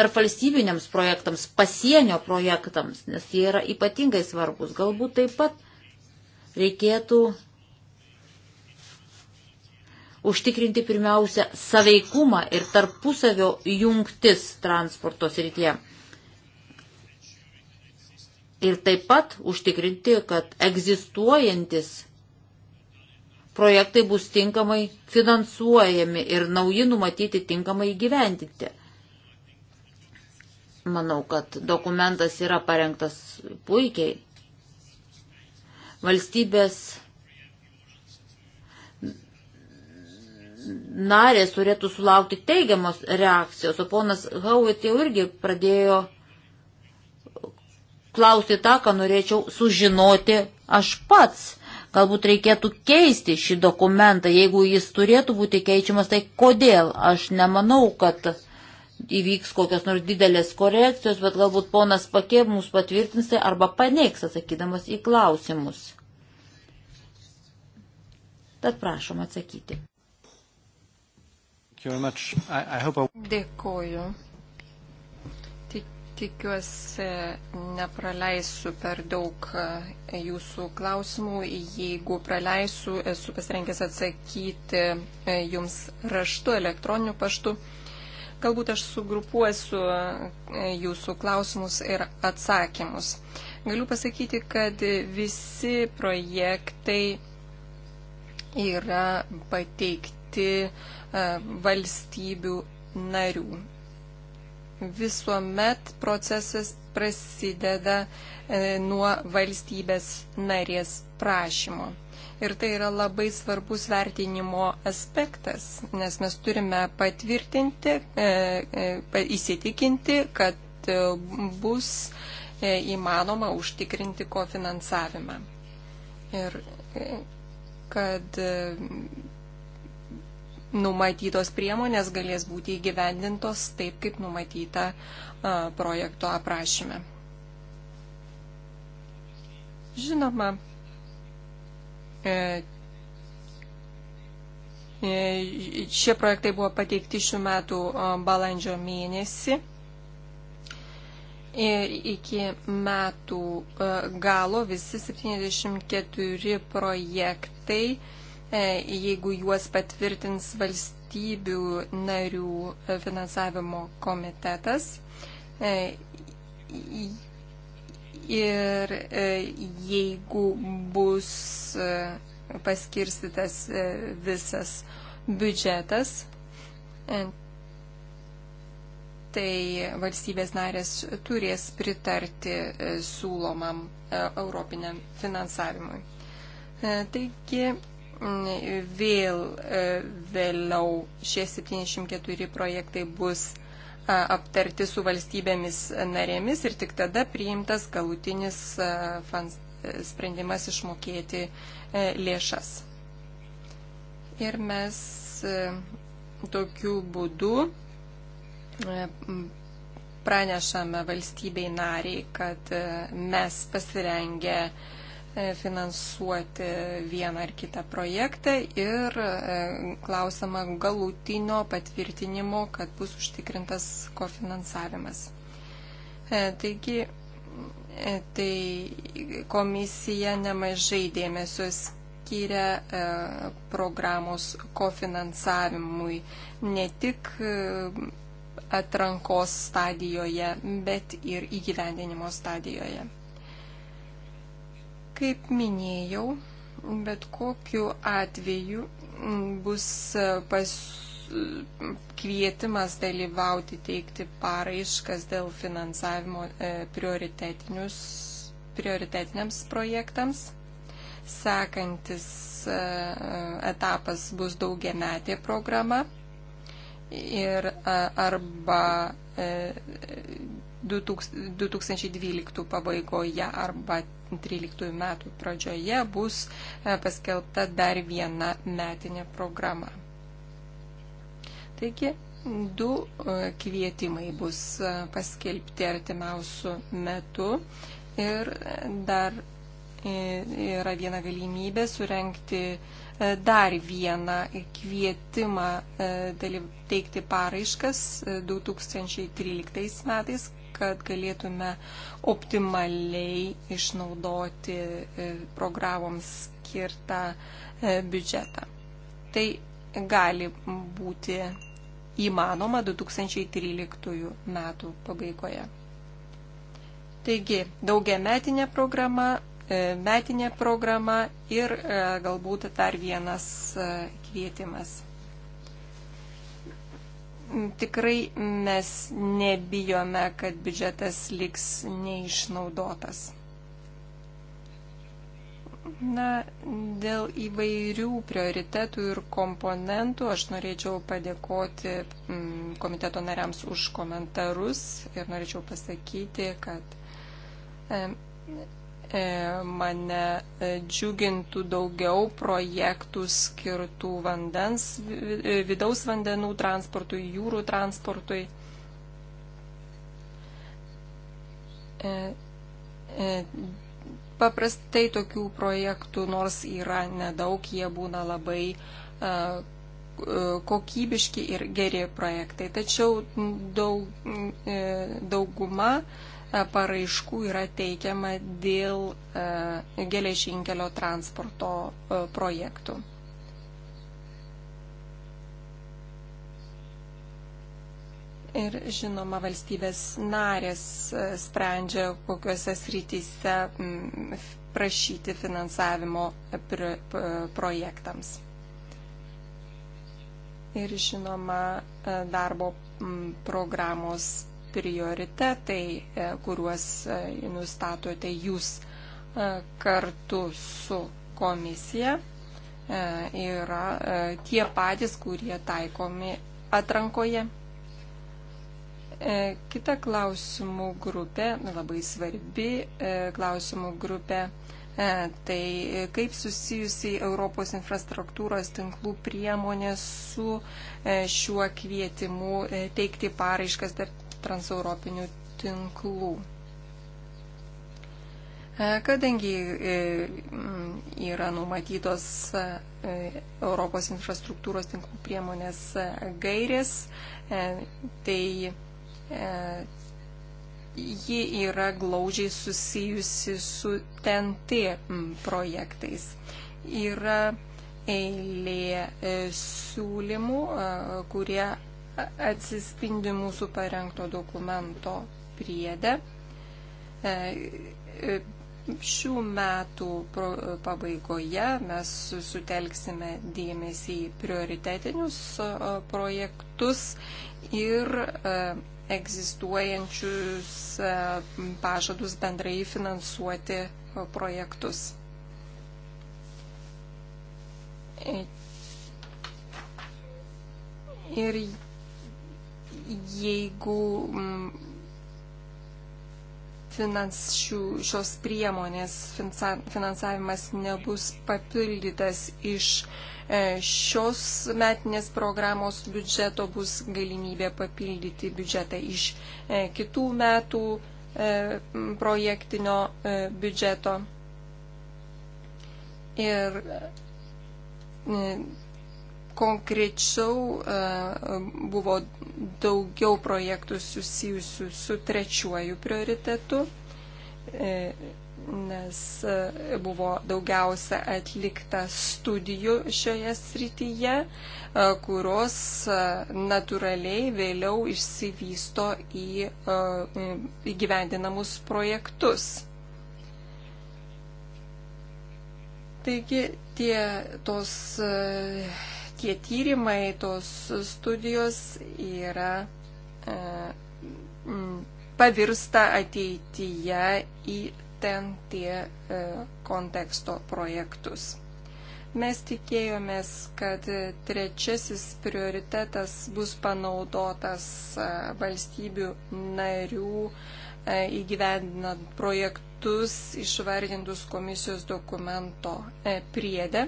tarp valstybiniams projektams, pasienio projektams, nes jie yra ypatingai svarbus. Galbūt taip pat reikėtų užtikrinti pirmiausia saveikumą ir tarpusavio jungtis transporto srityje ir taip pat užtikrinti, kad egzistuojantis projektai bus tinkamai finansuojami ir nauji numatyti tinkamai gyventinti. Manau, kad dokumentas yra parengtas puikiai. Valstybės narės turėtų sulaukti teigiamos reakcijos, o ponas Hauit jau irgi pradėjo klausti tą, ką norėčiau sužinoti aš pats. Galbūt reikėtų keisti šį dokumentą, jeigu jis turėtų būti keičiamas, tai kodėl? Aš nemanau, kad įvyks kokios nors didelės korekcijos, bet galbūt ponas Pakė mums patvirtins tai arba paneigs atsakydamas į klausimus. Tad prašom atsakyti. Dėkuoju. Tikiuosi, nepraleisiu per daug e, jūsų klausimų. Jeigu praleisiu, esu pasirengęs atsakyti e, jums raštu, elektroniniu paštu. Galbūt aš sugrupuosiu e, jūsų klausimus ir atsakymus. Galiu pasakyti, kad visi projektai yra pateikti valstybių narių visuomet procesas prasideda e, nuo valstybės narės prašymo. Ir tai yra labai svarbus vertinimo aspektas, nes mes turime patvirtinti, e, e, įsitikinti, kad bus įmanoma užtikrinti kofinansavimą. Ir kad numatytos priemonės galės būti įgyvendintos taip, kaip numatyta projekto aprašyme. Žinoma, e, e, šie projektai buvo pateikti šių metų balandžio mėnesį. Ir e, iki metų galo visi 74 projektai E, jeigu juos patvirtins valstybių narių finansavimo komitetas. E, ir e, jeigu bus paskirstytas visas biudžetas, tai valstybės narės turės pritarti siūlomam europiniam finansavimui. Taigi vėl e, vėliau šie 74 projektai bus e, aptarti su valstybėmis narėmis ir tik tada priimtas galutinis e, sprendimas išmokėti lėšas. Ir mes tokiu būdu pranešame valstybei nariai, kad mes pasirengę E, finansuoti vieną ar kitą projektą ir e, klausama galutinio patvirtinimo, kad bus užtikrintas kofinansavimas. E, taigi, tai komisija nemažai dėmesio skiria programos kofinansavimui, ne tik atrankos stadijoje, bet ir įgyvendinimo stadijoje. Kaip minėjau, bet kokiu atveju bus e, pas, kvietimas dalyvauti teikti paraiškas dėl finansavimo e, prioritetiniams projektams. Sekantis e, etapas bus daugiametė programa ir arba 2012 pabaigoje arba 2013 metų pradžioje bus e, paskelbta dar viena metinė programa. Taigi, du e, kvietimai bus e, paskelbti artimiausių metų ir dar yra viena galimybė surenkti dar vieną kvietimą teikti paraiškas 2013 metais, kad galėtume optimaliai išnaudoti e, programoms skirtą e, biudžetą. Tai gali būti įmanoma 2013 metų pabaigoje. Taigi, daugiametinė programa e, metinė programa ir galbūt dar vienas kvietimas tikrai mes nebijome, kad biudžetas liks neišnaudotas. Na, dėl įvairių prioritetų ir komponentų aš norėčiau padėkoti mm, komiteto nariams už komentarus ir norėčiau pasakyti, kad E, mane e, džiugintų daugiau projektų skirtų vandens, e, vidaus vandenų transportui, jūrų transportui. Paprastai tokių projektų, nors yra nedaug, jie būna labai kokybiški ir geri projektai. Tačiau daug, dauguma E, paraiškų yra teikiama dėl e, geležinkelio transporto e, projektų. Ir žinoma, valstybės narės sprendžia, kokiuose srityse prašyti finansavimo projektams. Ir žinoma, darbo programos prioritetai, e, kuriuos e, nustatote jūs e, kartu su komisija, yra tie patys, kurie taikomi atrankoje. Kita klausimų grupė, labai svarbi klausimų grupė, tai kaip susijusi Europos infrastruktūros tinklų priemonė su šiuo kvietimu teikti paraiškas tarp transeuropinių tinklų. E, kadangi e, yra numatytos e, Europos infrastruktūros tinklų priemonės gairės, tai ji yra glaudžiai susijusi su TNT projektais. Yra eilė siūlymų, kurie atsispindi mūsų parengto dokumento priedė. E, e, šių metų pabaigoje mes sutelksime dėmesį į prioritetinius e, projektus ir egzistuojančius pažadus bendrai finansuoti projektus. Ir jeigu mm, finans šių, šios priemonės finansavimas nebus papildytas iš e, šios metinės programos biudžeto, bus galimybė papildyti biudžetą iš e, kitų metų e, projektinio biudžeto. Ir konkrečiau e, buvo daugiau projektų susijusių su trečiuoju prioritetu, e, nes e, buvo daugiausia atlikta studijų šioje srityje, kurios natūraliai vėliau išsivysto į įgyvendinamus projektus. Taigi tie tos tie tyrimai, tos studijos yra e, pavirsta ateityje į TNT e, konteksto projektus. Mes tikėjomės, kad trečiasis prioritetas bus panaudotas e, valstybių narių uh, įgyvendinant projektus išvardintus komisijos dokumento e, priedė.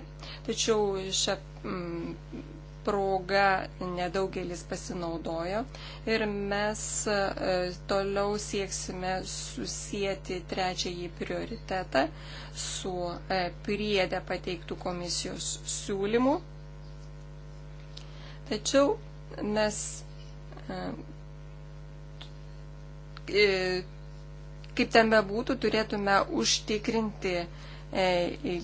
Tačiau šią mm, proga nedaugelis pasinaudojo ir mes e, toliau sieksime susijęti trečiąjį prioritetą su e, priedę pateiktų komisijos siūlymų. Tačiau mes E, kaip ten bebūtų, turėtume užtikrinti e,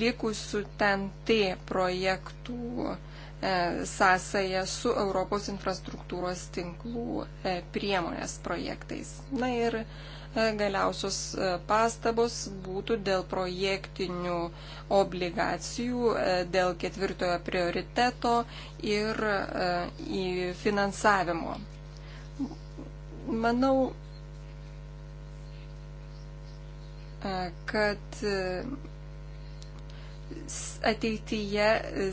likusių ten T projektų e, sąsąją su Europos infrastruktūros tinklų priemonės projektais. Na ir galiausios pastabos būtų dėl projektinių obligacijų, dėl ketvirtojo prioriteto ir finansavimo. Manau, kad e, ateityje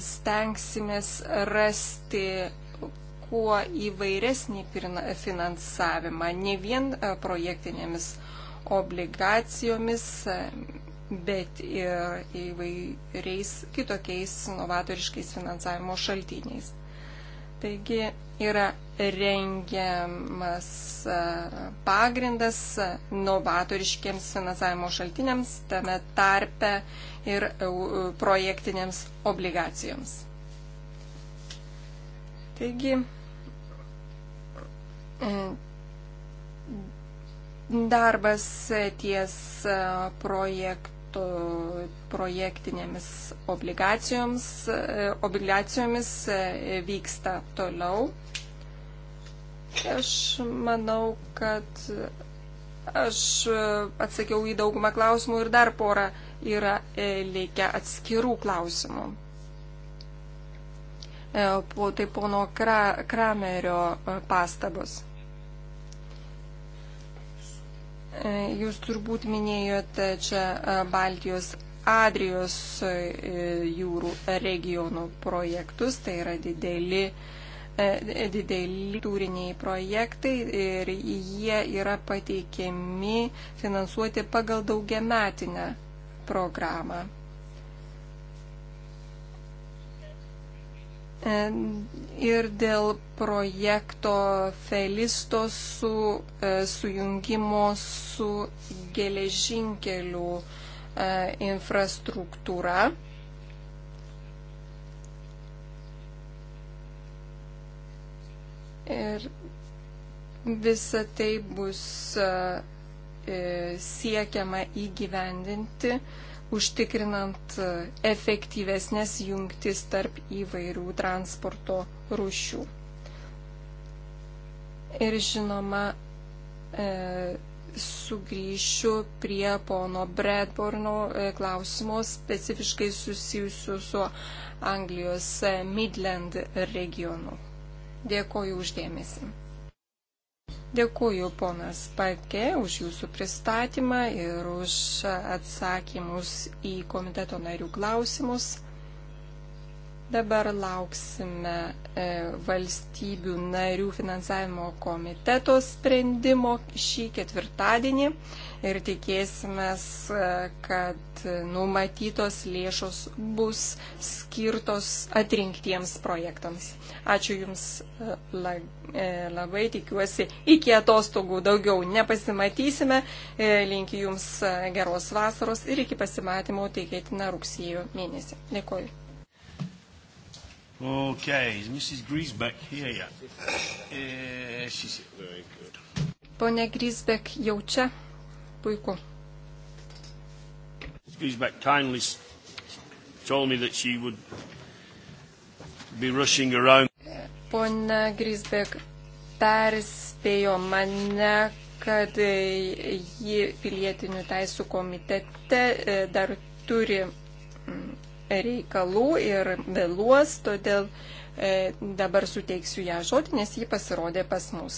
stengsimės rasti kuo įvairesnį finansavimą, ne vien e, projektinėmis obligacijomis, e, bet ir įvairiais kitokiais novatoriškais finansavimo šaltiniais. Taigi yra rengiamas e, pagrindas e, novatoriškiams finansavimo šaltiniams, tame tarpe ir e, projektinėms obligacijoms. Taigi, darbas ties projektų to projektinėmis obligacijoms, obligacijomis e, vyksta toliau. Aš manau, kad aš atsakiau į daugumą klausimų ir dar porą yra e, likę atskirų klausimų. E, po tai pono Kramerio pastabos. E, jūs turbūt minėjote čia e, Baltijos Adrijos e, jūrų regionų projektus, tai yra dideli dideli turiniai projektai ir jie yra pateikiami finansuoti pagal daugiametinę programą. ir dėl projekto Felisto su e, sujungimo su geležinkelių e, infrastruktūra. Ir visa tai bus e, siekiama įgyvendinti užtikrinant e, efektyvesnės jungtis tarp įvairių transporto rūšių. Ir žinoma, e, sugrįšiu prie pono Bradborno e, klausimo specifiškai susijusiu su Anglijos e, Midland regionu. Dėkoju uždėmesi. Dėkuoju ponas Pake už jūsų pristatymą ir už atsakymus į komiteto narių klausimus. Dabar lauksime e, valstybių narių finansavimo komiteto sprendimo šį ketvirtadienį ir tikėsime, kad numatytos lėšos bus skirtos atrinktiems projektams. Ačiū Jums e, e, labai, tikiuosi, iki atostogų daugiau nepasimatysime. Linkiu Jums geros vasaros ir iki pasimatymo teikėtina tai rugsėjo mėnesį. Dėkuoju. Okay, is Mrs. Griesbeck here yet? Yeah, eh, she's here. Very good. Pone Griesbeck jau čia? Puiku. Mrs. Griesbeck kindly told me that she would be rushing around. Pone Griesbeck perspėjo mane, kad e, ji pilietinių teisų komitete e, dar turi mm, reikalų ir vėluos, todėl e, dabar suteiksiu ją žodį, nes ji pasirodė pas mus.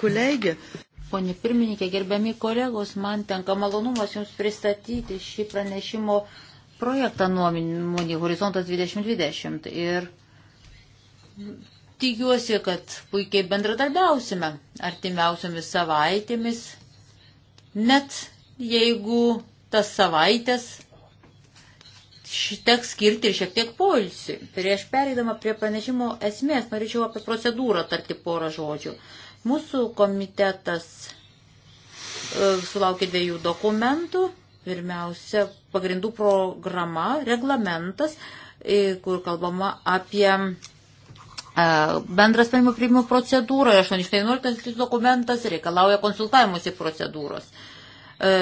Kolegė. Pone pirmininkė, gerbiami kolegos, man tenka malonumas Jums pristatyti šį pranešimo projektą nuomonį Horizontas 2020. Ir tikiuosi, kad puikiai bendradarbiausime artimiausiomis savaitėmis, net jeigu tas savaitės šiteks skirti ir šiek tiek poilsį. Prieš pereidama prie pranešimo esmės, norėčiau apie procedūrą tarti porą žodžių. Mūsų komitetas e, sulaukė dviejų dokumentų. Pirmiausia, pagrindų programa, reglamentas, e, kur kalbama apie e, bendrą sprendimų priimimo procedūrą. 811 dokumentas reikalauja konsultavimuose procedūros. E,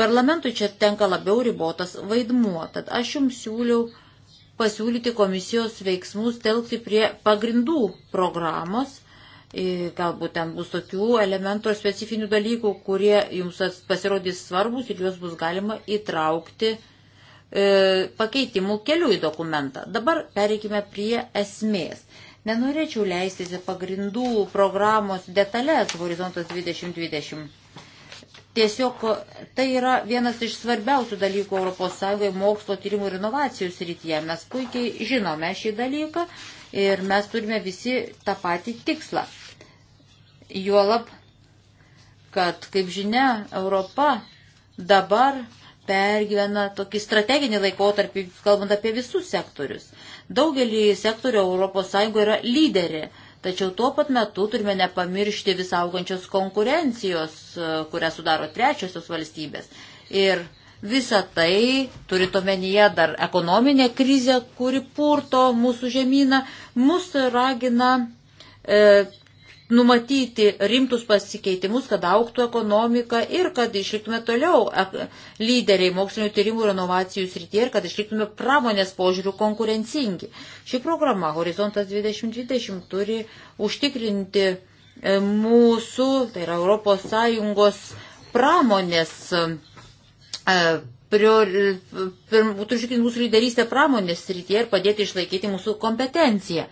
Parlamentui čia tenka labiau ribotas vaidmuo, tad aš jums siūliau pasiūlyti komisijos veiksmus telkti prie pagrindų programos. E, galbūt ten bus tokių elementų ar specifinių dalykų, kurie jums pasirodys svarbus ir juos bus galima įtraukti e, pakeitimų kelių į dokumentą. Dabar pereikime prie esmės. Nenorėčiau leistis į pagrindų programos detalės Horizontas 2020 Tiesiog tai yra vienas iš svarbiausių dalykų ES mokslo tyrimų ir inovacijų srityje. Mes puikiai žinome šį dalyką ir mes turime visi tą patį tikslą. Juolab, kad, kaip žinia, Europa dabar pergyvena tokį strateginį laikotarpį, kalbant apie visus sektorius. Daugelį sektorių ES yra lyderė Tačiau tuo pat metu turime nepamiršti vis augančios konkurencijos, e, kurią sudaro trečiosios valstybės. Ir visa tai, turint omenyje dar ekonominę krizę, kuri purto mūsų žemyną, mus ragina e, numatyti rimtus pasikeitimus, kad auktų ekonomika ir kad išliktume toliau lyderiai mokslinio tyrimų ir inovacijų srityje ir kad išliktume pramonės požiūrių konkurencingi. Ši programa Horizontas 2020 turi užtikrinti e, mūsų, tai yra Europos Sąjungos pramonės e, prior, pir, e, būtų užtikrinti mūsų lyderystę pramonės srityje ir padėti išlaikyti mūsų kompetenciją.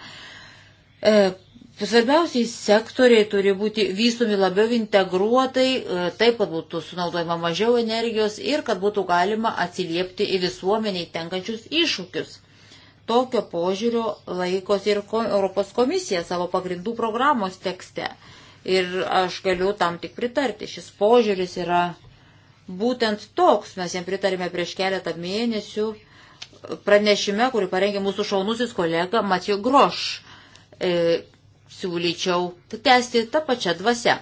Svarbiausiai sektoriai turi būti vystomi labiau integruotai, e, taip, kad būtų sunaudojama mažiau energijos ir kad būtų galima atsiliepti į visuomeniai tenkančius iššūkius. Tokio požiūrio laikosi ir Europos komisija savo pagrindų programos tekste. Ir aš galiu tam tik pritarti. Šis požiūris yra būtent toks. Mes jam pritarėme prieš keletą mėnesių pranešime, kurį parengė mūsų šaunusis kolega Matijo Groš siūlyčiau tęsti tą pačią dvasę.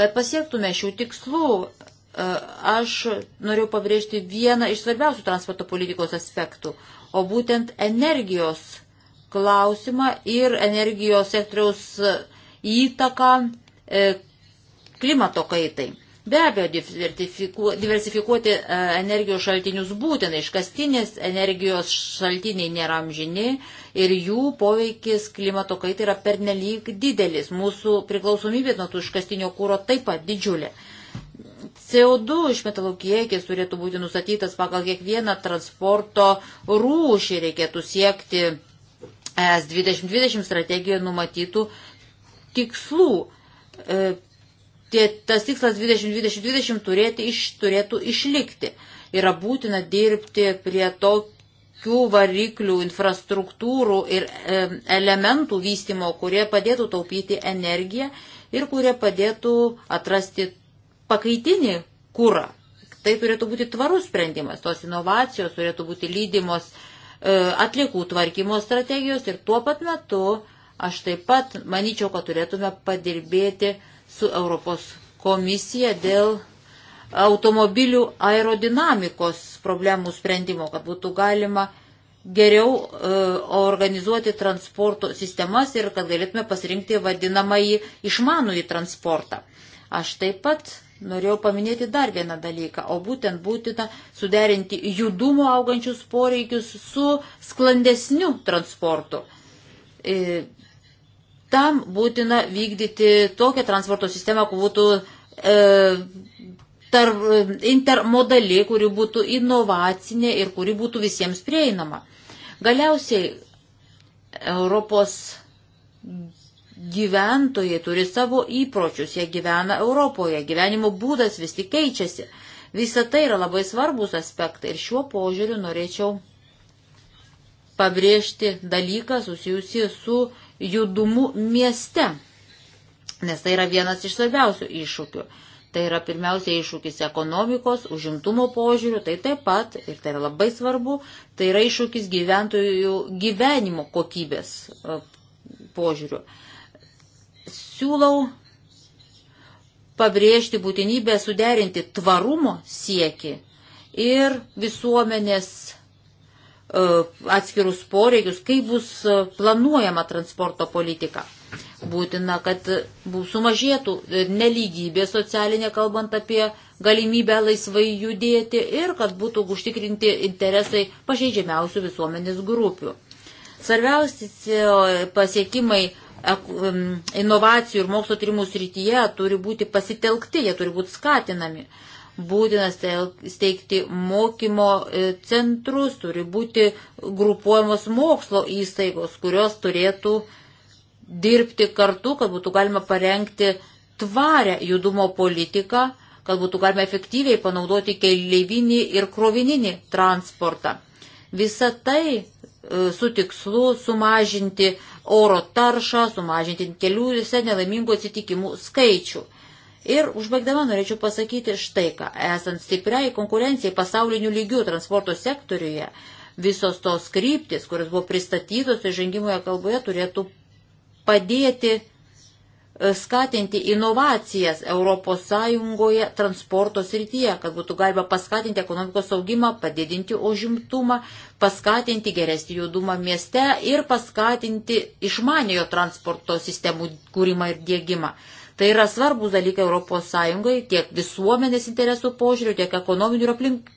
Kad pasiektume šių tikslų, e, aš noriu pabrėžti vieną iš svarbiausių transporto politikos aspektų, o būtent energijos klausimą ir energijos sektoriaus įtaką e, klimato kaitai. Be abejo, diversifikuoti e, energijos šaltinius būtina, iškastinės energijos šaltiniai nėra amžini ir jų poveikis klimato kaitai yra pernelyg didelis. Mūsų priklausomybė nuo tų iškastinio kūro taip pat didžiulė. CO2 išmetalų kiekis turėtų būti nustatytas pagal kiekvieną transporto rūšį, reikėtų siekti ES 2020 strategijoje numatytų tikslų. E, tie, tas tikslas 2020-2020 turėti iš, turėtų išlikti. Yra būtina dirbti prie tokių variklių, infrastruktūrų ir e, elementų vystimo, kurie padėtų taupyti energiją ir kurie padėtų atrasti pakaitinį kūrą. Tai turėtų būti tvarus sprendimas. Tos inovacijos turėtų būti lydimos e, atliekų tvarkymo strategijos ir tuo pat metu aš taip pat manyčiau, kad turėtume padirbėti su Europos komisija dėl automobilių aerodinamikos problemų sprendimo, kad būtų galima geriau e, organizuoti transporto sistemas ir kad galėtume pasirinkti vadinamąjį išmanųjį transportą. Aš taip pat norėjau paminėti dar vieną dalyką, o būtent būtina suderinti judumo augančius poreikius su sklandesniu transportu. E, Tam būtina vykdyti tokią transporto sistemą, kur būtų e, tarp, intermodali, kuri būtų inovacinė ir kuri būtų visiems prieinama. Galiausiai Europos gyventojai turi savo įpročius, jie gyvena Europoje, gyvenimo būdas vis tik keičiasi. Visa tai yra labai svarbus aspektai ir šiuo požiūriu norėčiau pabrėžti dalyką susijusi su judumu mieste, nes tai yra vienas iš svarbiausių iššūkių. Tai yra pirmiausia iššūkis ekonomikos, užimtumo požiūrių, tai taip pat, ir tai yra labai svarbu, tai yra iššūkis gyventojų gyvenimo kokybės e, požiūrių. Siūlau pabrėžti būtinybę suderinti tvarumo sieki ir visuomenės E, atskirus poreikius, kaip bus e, planuojama transporto politika. Būtina, kad sumažėtų e, nelygybė socialinė, kalbant apie galimybę laisvai judėti ir kad būtų užtikrinti interesai pažeidžiamiausių visuomenės grupių. Svarbiausi pasiekimai inovacijų ir mokslo tyrimų srityje turi būti pasitelkti, jie turi būti skatinami būtina tai steigti mokymo e, centrus, turi būti grupuojamos mokslo įstaigos, kurios turėtų dirbti kartu, kad būtų galima parengti tvarę judumo politiką, kad būtų galima efektyviai panaudoti keleivinį ir krovininį transportą. Visa tai e, su tikslu sumažinti oro taršą, sumažinti keliuose nelaimingų atsitikimų skaičių. Ir užbaigdama norėčiau pasakyti štai ką. Esant stipriai konkurencijai pasaulinių lygių transporto sektoriuje, visos tos kryptis, kurios buvo pristatytos įžengimoje kalboje, turėtų padėti e, skatinti inovacijas ES transporto srityje, kad būtų galima paskatinti ekonomikos augimą, padidinti užimtumą, paskatinti geresnį judumą mieste ir paskatinti išmaniojo transporto sistemų kūrimą ir dėgymą. Tai yra svarbus dalykai ES tiek visuomenės interesų požiūrių, tiek ekonominių ir aplink,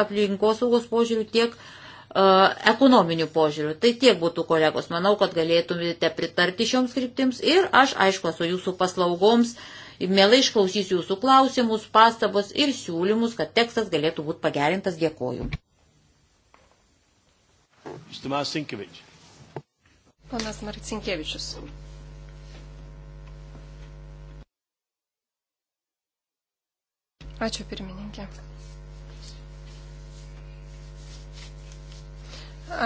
aplinkosaugos požiūrių, tiek uh, ekonominių požiūrių. Tai tiek būtų kolegos. Manau, kad galėtumėte pritarti šioms kryptims ir aš, aišku, esu jūsų paslaugoms. Mielai išklausysiu jūsų klausimus, pastabas ir siūlymus, kad tekstas galėtų būti pagerintas. Dėkoju. Ponas Marcinkievičius. Ačiū pirmininkė.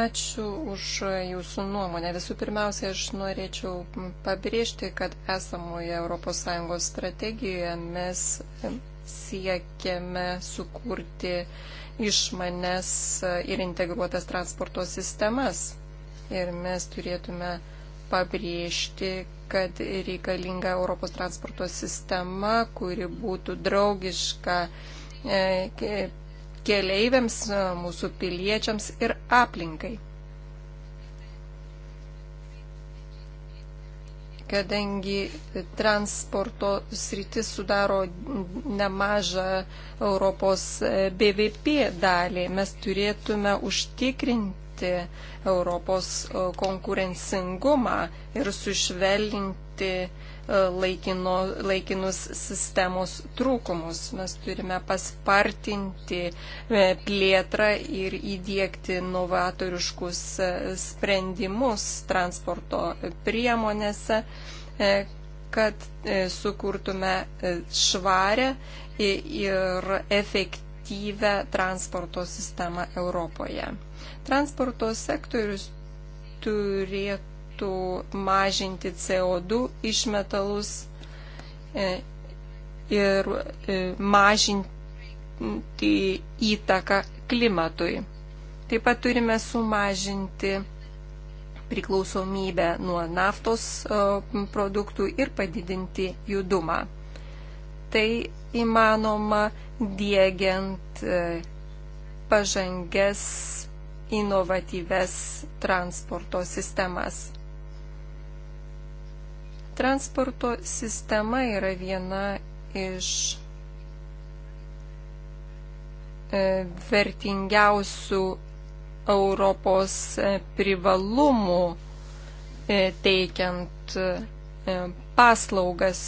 Ačiū už jūsų nuomonę. Visų pirmiausia, aš norėčiau pabrėžti, kad esamoje ES strategijoje mes siekiame sukurti išmanes ir integruotas transporto sistemas. Ir mes turėtume pabrėžti, kad reikalinga Europos transporto sistema, kuri būtų draugiška e, keleiviams, mūsų piliečiams ir aplinkai. Kadangi transporto sritis sudaro nemažą Europos e, BVP dalį, mes turėtume užtikrinti padidinti Europos e, konkurencingumą ir sušvelninti e, laikino, laikinus sistemos trūkumus. Mes turime paspartinti e, plėtrą ir įdėkti novatoriškus sprendimus transporto priemonėse kad sukurtume švarę ir efektyvę efektyvę transporto sistemą Europoje. Transporto sektorius turėtų mažinti CO2 išmetalus e, ir e, mažinti įtaką klimatui. Taip pat turime sumažinti priklausomybę nuo naftos e, produktų ir padidinti judumą. Tai įmanoma dėgiant e, pažangės inovatyves transporto sistemas. Transporto sistema yra viena iš e, vertingiausių Europos e, privalumų teikiant paslaugas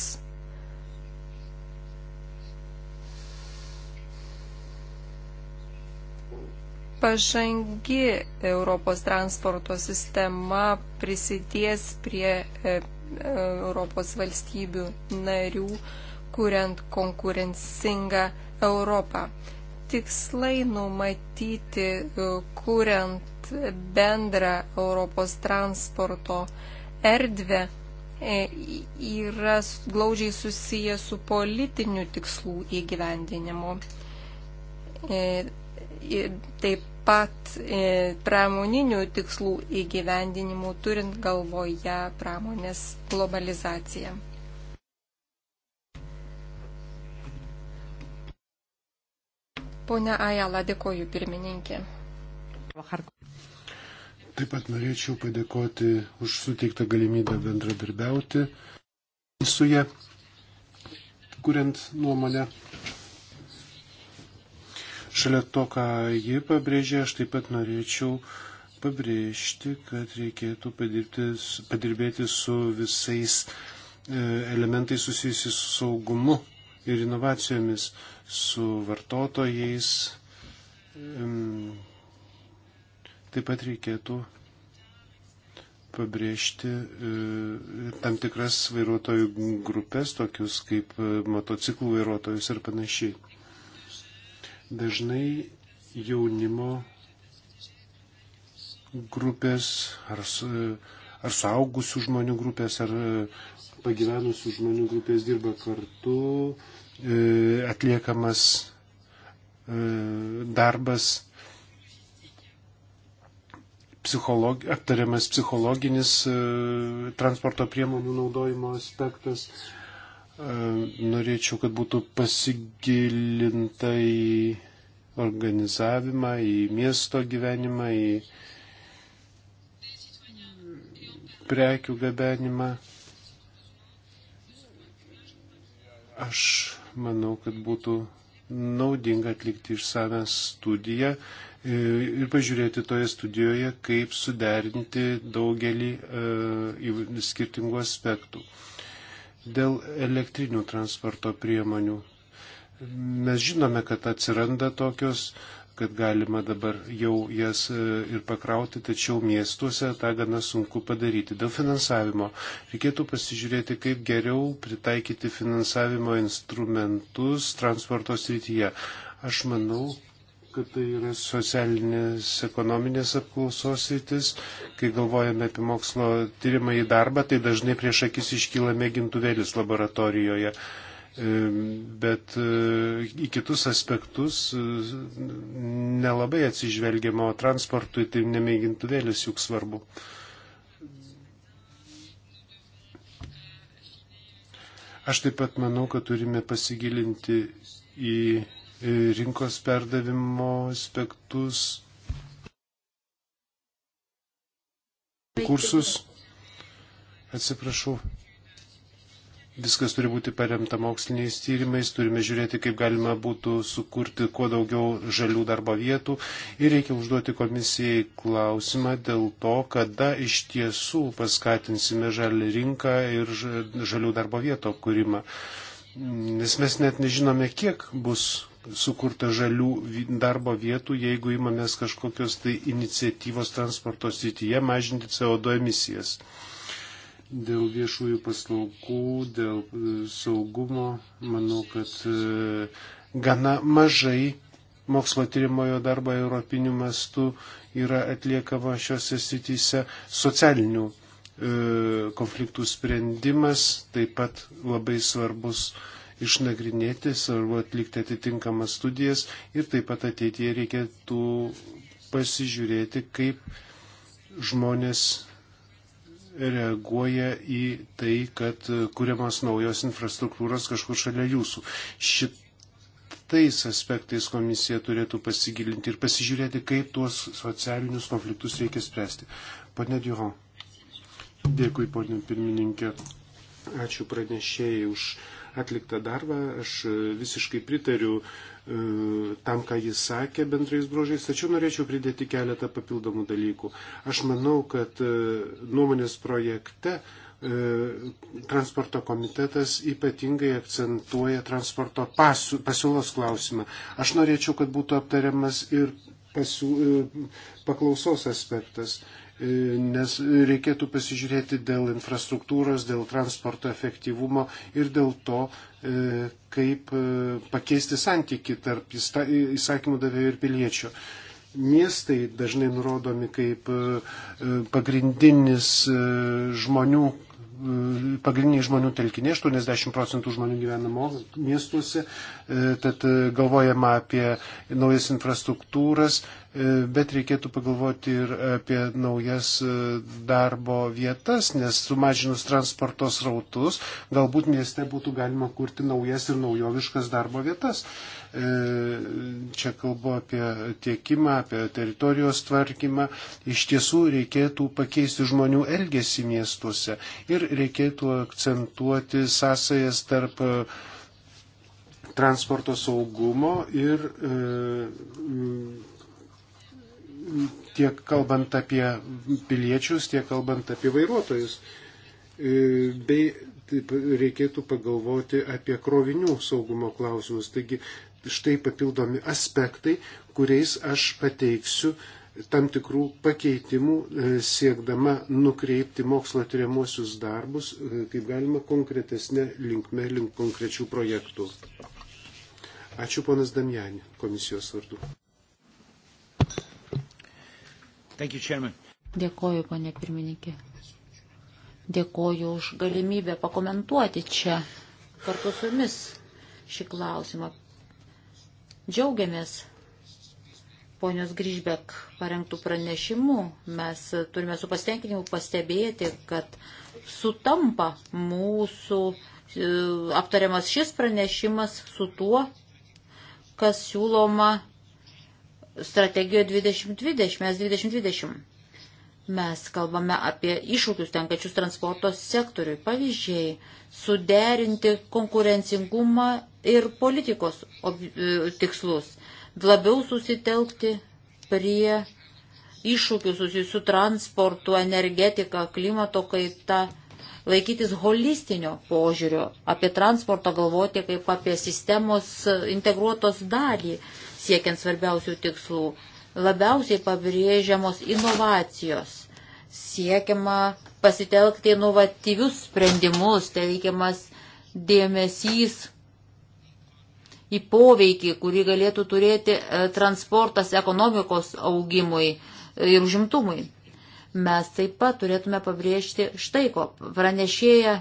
pažangi Europos transporto sistema prisidės prie e, e, Europos valstybių narių, kuriant konkurencingą Europą. Tikslai numatyti, e, kuriant bendrą Europos transporto erdvę, yra glaudžiai susiję su politiniu tikslų įgyvendinimu taip pat e, pramoninių tikslų įgyvendinimų, turint galvoje pramonės globalizaciją. Pone Ajala, dėkoju pirmininkė. Taip pat norėčiau padėkoti už suteiktą galimybę bendradarbiauti su jie, kuriant nuomonę Šalia to, ką ji pabrėžė, aš taip pat norėčiau pabrėžti, kad reikėtų padirbti, padirbėti su visais e, elementai susijusi su saugumu ir inovacijomis, su vartotojais. Taip pat reikėtų pabrėžti e, tam tikras vairuotojų grupės, tokius kaip e, motociklų vairuotojus ir panašiai. Dažnai jaunimo grupės ar, ar suaugusių žmonių grupės ar e, pagyvenusių žmonių grupės dirba kartu, e, atliekamas e, darbas, psicholog, aptariamas psichologinis transporto priemonių naudojimo aspektas, Norėčiau, kad būtų pasigilinta į organizavimą, į miesto gyvenimą, į prekių gabenimą. Aš manau, kad būtų naudinga atlikti išsame studiją e, ir pažiūrėti toje studijoje, kaip suderinti daugelį e, skirtingų aspektų. E, Dėl elektrinių transporto priemonių. Mes žinome, kad atsiranda tokios, kad galima dabar jau jas e, ir pakrauti, tačiau miestuose tą gana sunku padaryti. Dėl finansavimo reikėtų pasižiūrėti, kaip geriau pritaikyti finansavimo instrumentus transporto srityje. Aš manau, kad tai yra socialinės ekonominės apklausos rytis. Kai galvojame apie mokslo tyrimą į darbą, tai dažnai prieš akis iškyla mėgintuvėlis laboratorijoje. Bet e, į kitus aspektus e, nelabai atsižvelgiama, o transportui tai nemėgintuvėlis juk svarbu. Aš taip pat manau, kad turime pasigilinti į rinkos perdavimo aspektus, kursus. Atsiprašau. Viskas turi būti paremta moksliniais tyrimais, turime žiūrėti, kaip galima būtų sukurti kuo daugiau žalių darbo vietų ir reikia užduoti komisijai klausimą dėl to, kada iš tiesų paskatinsime žalį rinką ir žalių darbo vietų apkūrimą. Nes mes net nežinome, kiek bus sukurta žalių darbo vietų, jeigu imamės kažkokios tai iniciatyvos transporto srityje mažinti CO2 emisijas. Dėl viešųjų paslaugų, dėl e, saugumo, manau, kad e, gana mažai mokslo tyrimojo darbo europinių mastų yra atliekama šiuose srityse socialinių e, konfliktų sprendimas taip pat labai svarbus e, išnagrinėti, svarbu atlikti atitinkamas studijas ir taip pat ateityje reikėtų pasižiūrėti, kaip žmonės reaguoja į tai, kad kuriamos naujos infrastruktūros kažkur šalia jūsų. Šitais aspektais komisija turėtų pasigilinti ir pasižiūrėti, kaip tuos socialinius konfliktus reikia spręsti. Pane Diuho. Dėkui, ponė pirmininkė. Ačiū pranešėjai už atliktą darbą. Aš e, visiškai pritariu e, tam, ką jis sakė bendrais brožais, tačiau norėčiau pridėti keletą papildomų dalykų. Aš manau, kad e, nuomonės projekte transporto komitetas ypatingai akcentuoja transporto pasiūlos klausimą. Aš norėčiau, kad būtų aptariamas ir pasiū, paklausos aspektas. E, nes reikėtų pasižiūrėti dėl infrastruktūros, dėl transporto efektyvumo ir dėl to, e, kaip e, pakeisti santyki tarp įsakymų davėjų ir piliečio. Miestai dažnai nurodomi kaip pagrindinis žmonių pagrindiniai žmonių telkiniai, 80 procentų žmonių gyvenamo miestuose, tad galvojama apie naujas infrastruktūras, bet reikėtų pagalvoti ir apie naujas e, darbo vietas, nes sumažinus transporto srautus, galbūt mieste būtų galima kurti naujas ir naujoviškas darbo vietas. E, čia kalbu apie tiekimą, apie teritorijos tvarkymą. Iš tiesų reikėtų pakeisti žmonių elgesį miestuose ir reikėtų akcentuoti sąsajas tarp e, transporto saugumo ir e, tiek kalbant apie piliečius, tiek kalbant apie vairuotojus. E, bei taip, reikėtų pagalvoti apie krovinių saugumo klausimus. Taigi štai papildomi aspektai, kuriais aš pateiksiu tam tikrų pakeitimų, e, siekdama nukreipti mokslo tyriamuosius darbus, e, kaip galima, konkretesnė linkme link konkrečių projektų. Ačiū ponas Damjanė, komisijos vardu. You, Dėkoju, ponė pirmininkė. Dėkoju už galimybę pakomentuoti čia kartu su jumis šį klausimą. Džiaugiamės ponios Grįžbek parengtų pranešimų. Mes turime su pasitenkinimu pastebėti, kad sutampa mūsų e, aptariamas šis pranešimas su tuo, kas siūloma strategijoje 2020, mes 2020. Mes kalbame apie iššūkius tenkačius transporto sektoriui. Pavyzdžiai, suderinti konkurencingumą ir politikos e, tikslus, labiau susitelkti prie iššūkių susijusių transportu, energetika, klimato kaita, laikytis holistinio požiūrio, apie transportą galvoti kaip apie sistemos integruotos dalį siekiant svarbiausių tikslų. Labiausiai pabrėžiamos inovacijos. Siekiama pasitelkti inovatyvius sprendimus, teikiamas dėmesys į poveikį, kurį galėtų turėti e, transportas ekonomikos augimui e, ir užimtumui. Mes taip pat turėtume pabrėžti štai ko. Pranešėja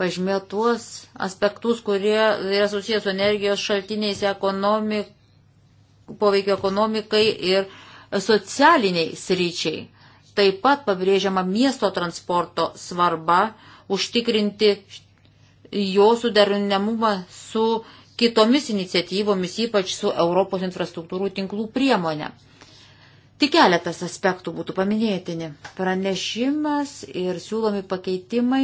pažymėjo tuos aspektus, kurie yra susijęs su energijos šaltiniais, ekonomik, poveikio ekonomikai ir socialiniai sryčiai. Taip pat pabrėžiama miesto transporto svarba užtikrinti jo suderinamumą su kitomis iniciatyvomis, ypač su Europos infrastruktūrų tinklų priemonė. Tik keletas aspektų būtų paminėtini. Pranešimas ir siūlomi pakeitimai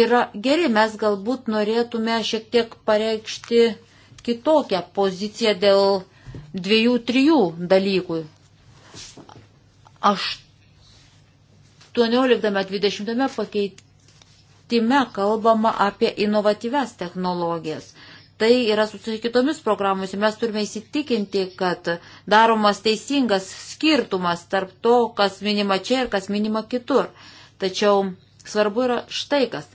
yra geri, mes galbūt norėtume šiek tiek pareikšti kitokią poziciją dėl dviejų, trijų dalykų. 18-20 pakeitime kalbama apie inovatyves technologijas. Tai yra su kitomis programomis. Mes turime įsitikinti, kad daromas teisingas skirtumas tarp to, kas minima čia ir kas minima kitur. Tačiau Svarbu yra štai kas.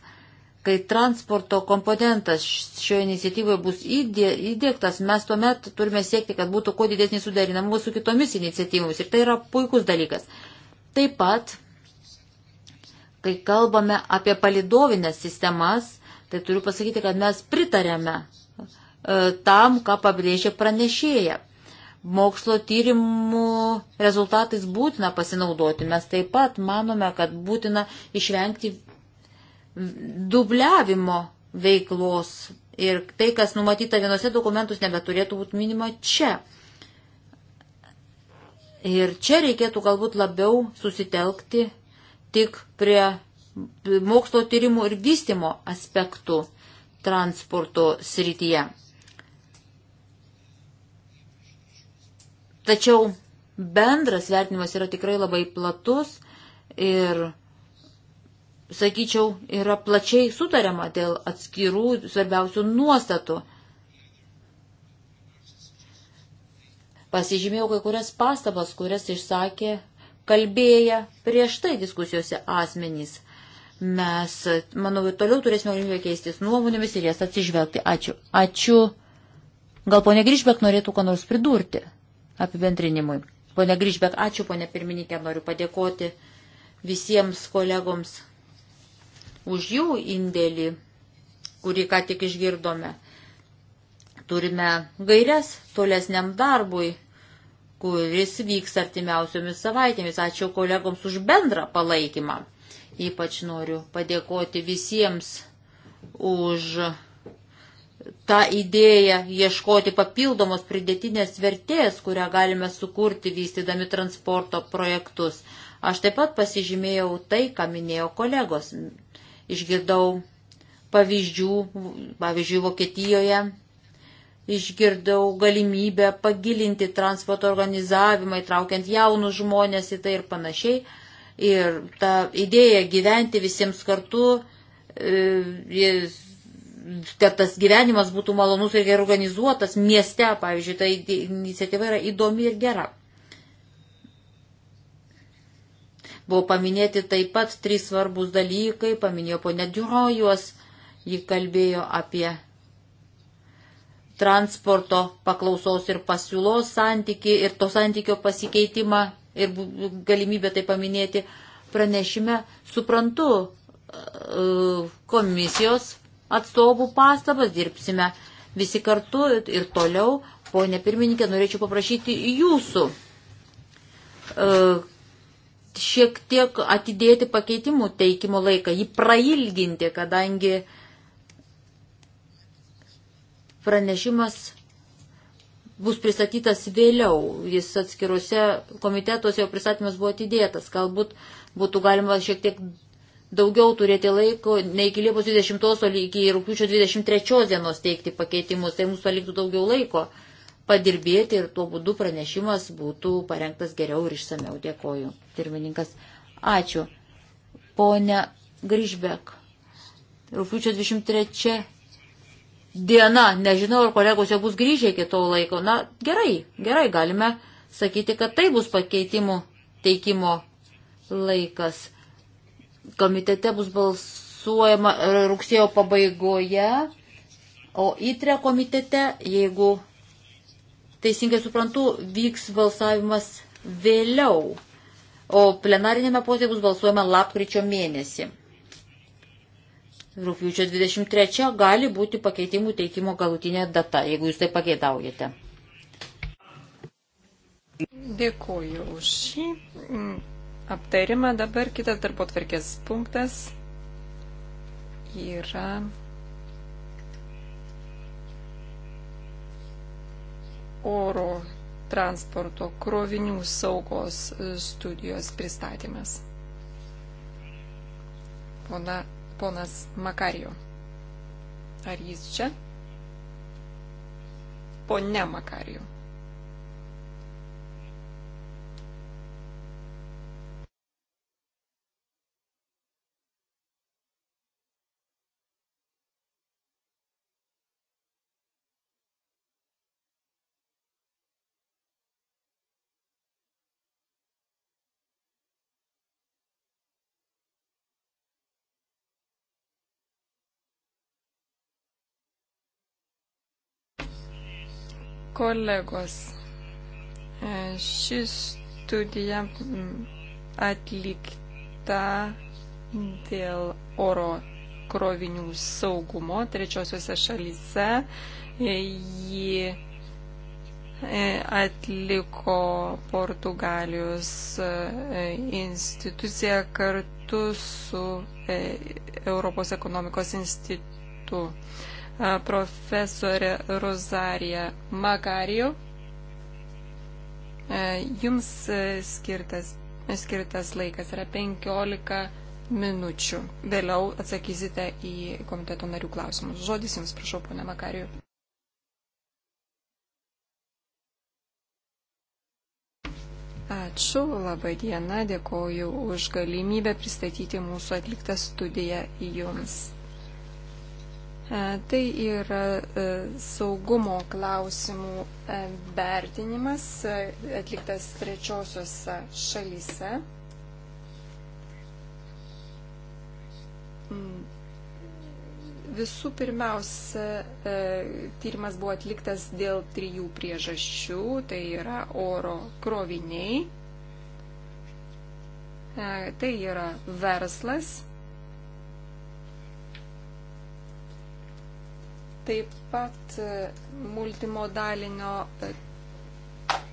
Kai transporto komponentas šioje iniciatyvoje bus įdėktas, mes tuomet turime siekti, kad būtų kuo didesnis suderinamumas su kitomis iniciatyvomis. Ir tai yra puikus dalykas. Taip pat, kai kalbame apie palidovinės sistemas, tai turiu pasakyti, kad mes pritarėme e, tam, ką pabrėžė pranešėja mokslo tyrimų rezultatais būtina pasinaudoti. Mes taip pat manome, kad būtina išvengti dubliavimo veiklos ir tai, kas numatyta vienose dokumentus, nebeturėtų būti minima čia. Ir čia reikėtų galbūt labiau susitelkti tik prie mokslo tyrimų ir vystimo aspektų transporto srityje. Tačiau bendras vertinimas yra tikrai labai platus ir, sakyčiau, yra plačiai sutariama dėl atskirų svarbiausių nuostatų. Pasižymėjau kai kurias pastabas, kurias išsakė kalbėję prieš tai diskusijose asmenys. Mes, manau, toliau turėsime galimybę keistis nuomonėmis ir jas atsižvelgti. Ačiū. Ačiū. Gal ponia Grįžbek norėtų ką nors pridurti? apibendrinimui. Pone Grįžbek, ačiū, pone pirmininkė, noriu padėkoti visiems kolegoms už jų indėlį, kurį ką tik išgirdome. Turime gairias tolesniam darbui, kuris vyks artimiausiomis savaitėmis. Ačiū kolegoms už bendrą palaikymą. Ypač noriu padėkoti visiems už tą idėją ieškoti papildomos pridėtinės vertės, kurią galime sukurti vystydami transporto projektus. Aš taip pat pasižymėjau tai, ką minėjo kolegos. Išgirdau pavyzdžių, pavyzdžiui, Vokietijoje. Išgirdau galimybę pagilinti transporto organizavimą, įtraukiant jaunus žmonės į tai ir panašiai. Ir ta idėja gyventi visiems kartu, e, jis kad tas gyvenimas būtų malonus ir gerai organizuotas mieste, pavyzdžiui, ta iniciatyva yra įdomi ir gera. Buvo paminėti taip pat trys svarbus dalykai, paminėjo ponė Diuro juos, ji kalbėjo apie transporto paklausos ir pasiūlos santyki ir to santykio pasikeitimą ir galimybę tai paminėti pranešime. Suprantu e, e, komisijos atstovų pastabas, dirbsime visi kartu ir toliau. Pone pirmininkė, norėčiau paprašyti jūsų e, šiek tiek atidėti pakeitimų teikimo laiką, jį prailginti, kadangi pranešimas bus pristatytas vėliau, jis atskiruose komitetuose jo pristatymas buvo atidėtas, galbūt būtų galima šiek tiek daugiau turėti laiko, ne iki Liepos 20, o iki Rūpiučio 23 dienos teikti pakeitimus, tai mums paliktų daugiau laiko padirbėti ir tuo būdu pranešimas būtų parengtas geriau ir išsameu. Dėkoju, pirmininkas. Ačiū. Pone Grįžbek, Rūpiučio 23 diena, nežinau, ar kolegos jau bus grįžę iki to laiko. Na, gerai, gerai, galime sakyti, kad tai bus pakeitimų teikimo laikas komitete bus balsuojama rugsėjo pabaigoje, o įtre komitete, jeigu teisingai suprantu, vyks balsavimas vėliau, o plenarinėme posėdėje bus balsuojama lapkričio mėnesį. Rūpiučio 23 gali būti pakeitimų teikimo galutinė data, jeigu jūs tai pageidaujate. Dėkuoju už šį aptarimą. Dabar kitas darbo tvarkės punktas yra. oro transporto krovinių saugos studijos pristatymas. Pona, ponas Makarijo. Ar jis čia? Pone Makarijo. Kolegos, e, ši studija atlikta dėl oro krovinių saugumo trečiosiuose šalyse. E, ji e, atliko Portugalijos institucija kartu su Europos ekonomikos institutu profesorė Rozarija Magario. Jums e, skirtas, skirtas laikas yra 15 minučių. Vėliau atsakysite į komiteto narių klausimus. Žodis Jums, prašau, ponė Magario. Ačiū, laba diena, dėkoju už galimybę pristatyti mūsų atliktą studiją jums. E, tai yra e, saugumo klausimų e, vertinimas atliktas trečiosiose šalyse. Mm. Visų pirmiausia, tyrimas buvo atliktas dėl trijų priežasčių, tai yra oro kroviniai, tai yra verslas Taip pat e, multimodalinio e,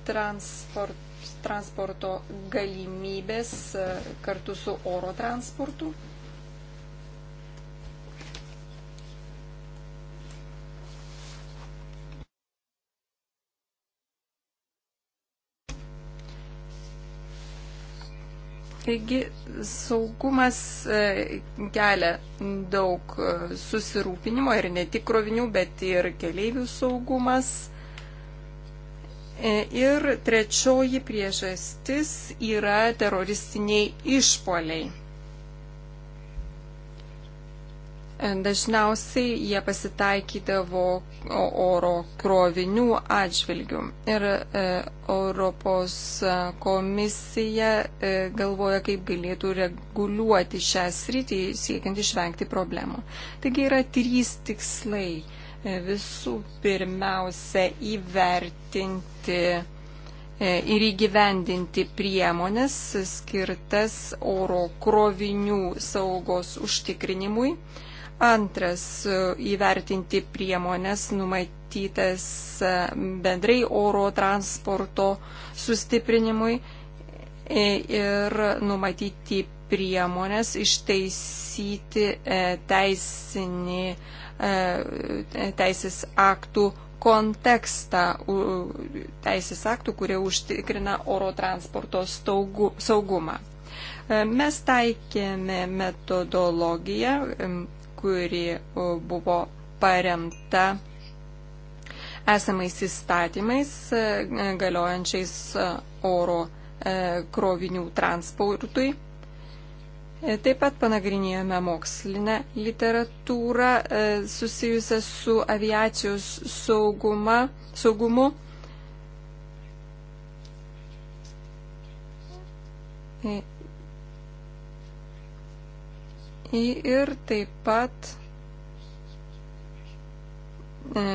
transport, transporto galimybės e, kartu su oro transportu. Taigi saugumas e, kelia daug e, susirūpinimo ir ne tik krovinių, bet ir keleivių saugumas. E, ir trečioji priežastis yra teroristiniai išpoliai. Dažniausiai jie pasitaikydavo oro krovinių atžvilgių. Ir e, Europos komisija e, galvoja, kaip galėtų reguliuoti šią sritį, siekiant išvengti problemų. Taigi yra trys tikslai. E, visų pirmiausia, įvertinti ir įgyvendinti priemonės skirtas oro krovinių saugos užtikrinimui. Antras, e, įvertinti priemonės numatytas e, bendrai oro transporto sustiprinimui e, ir numatyti priemonės ištaisyti teisinį, teisės aktų kontekstą, teisės aktų, kurie užtikrina oro transporto staugu, saugumą. Mes taikėme metodologiją, kuri e, buvo paremta esamais įstatymais e, galiojančiais e, oro krovinių transportui. Taip pat panagrinėjome mokslinę literatūrą susijusią su aviacijos sauguma, saugumu. MVI ir taip pat e,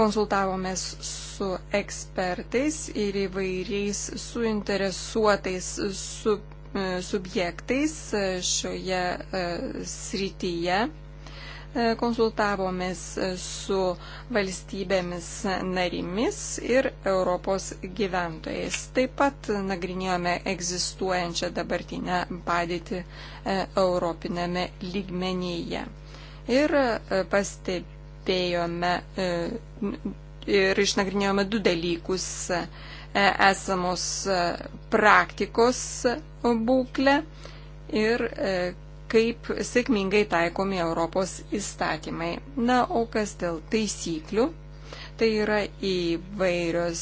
konsultavomės su ekspertais ir įvairiais suinteresuotais su, e, subjektais e, šioje srityje konsultavomės su valstybėmis narimis ir Europos gyventojais. Taip pat nagrinėjome egzistuojančią dabartinę padėtį e, Europinėme lygmenyje. Ir e, pastebėjome e, ir išnagrinėjome du dalykus esamos praktikos būklę ir kaip sėkmingai taikomi Europos įstatymai. Na, o kas dėl taisyklių? Tai yra įvairios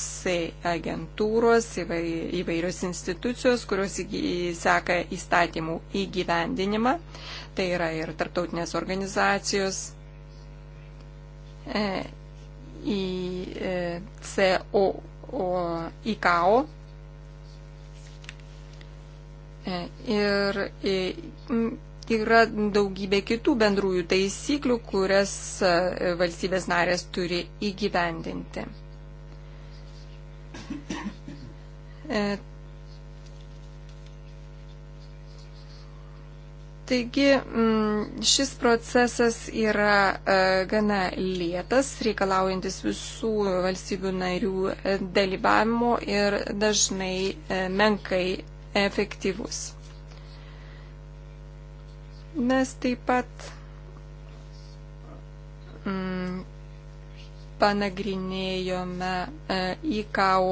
agentūros, įvairios institucijos, kurios seka įstatymų įgyvendinimą. Tai yra ir tarptautinės organizacijos, į e, e, CO, ICAO e, ir į yra daugybė kitų bendrųjų taisyklių, kurias e, valstybės narės turi įgyvendinti. E, taigi mm, šis procesas yra e, gana lėtas, reikalaujantis visų valstybių narių dalyvavimo ir dažnai menkai efektyvus. Mes taip pat mm, panagrinėjome e, IKO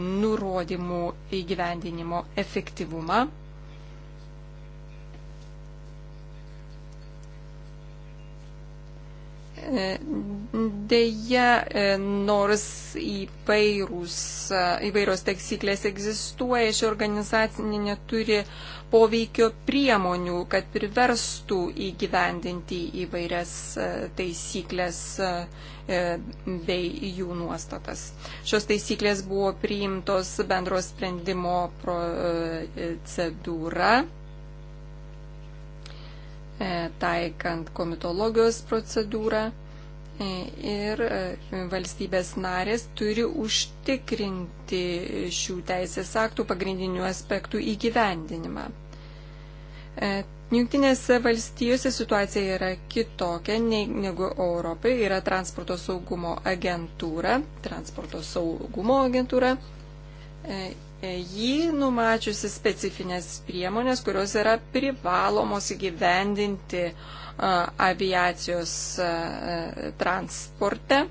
nurodymų įgyvendinimo efektyvumą. Deja, e, nors įvairūs, e, įvairios taisyklės egzistuoja, ši organizacinė neturi poveikio priemonių, kad priverstų įgyvendinti įvairias e, taisyklės bei jų nuostatas. Šios taisyklės buvo priimtos bendro sprendimo procedūra E, taikant komitologijos procedūrą e, ir e, valstybės narės turi užtikrinti šių teisės aktų pagrindinių aspektų įgyvendinimą. Junktinėse valstijose situacija yra kitokia negu Europai. Yra transporto saugumo agentūra, transporto saugumo agentūra jį numačiusi specifines priemonės, kurios yra privalomos įgyvendinti aviacijos transporte.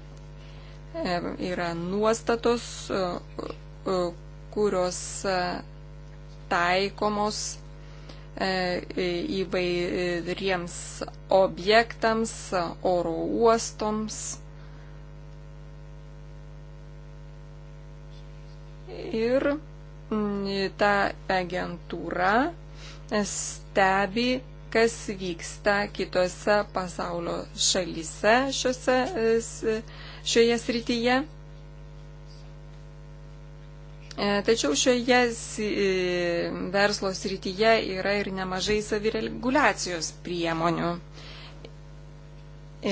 E, yra nuostatos, kurios taikomos e, įvairiems objektams, oro uostoms. Ir ta agentūra stebi, kas vyksta kitose pasaulio šalyse šiose, šioje srityje. E, tačiau šioje e, verslo srityje yra ir nemažai savireguliacijos priemonių.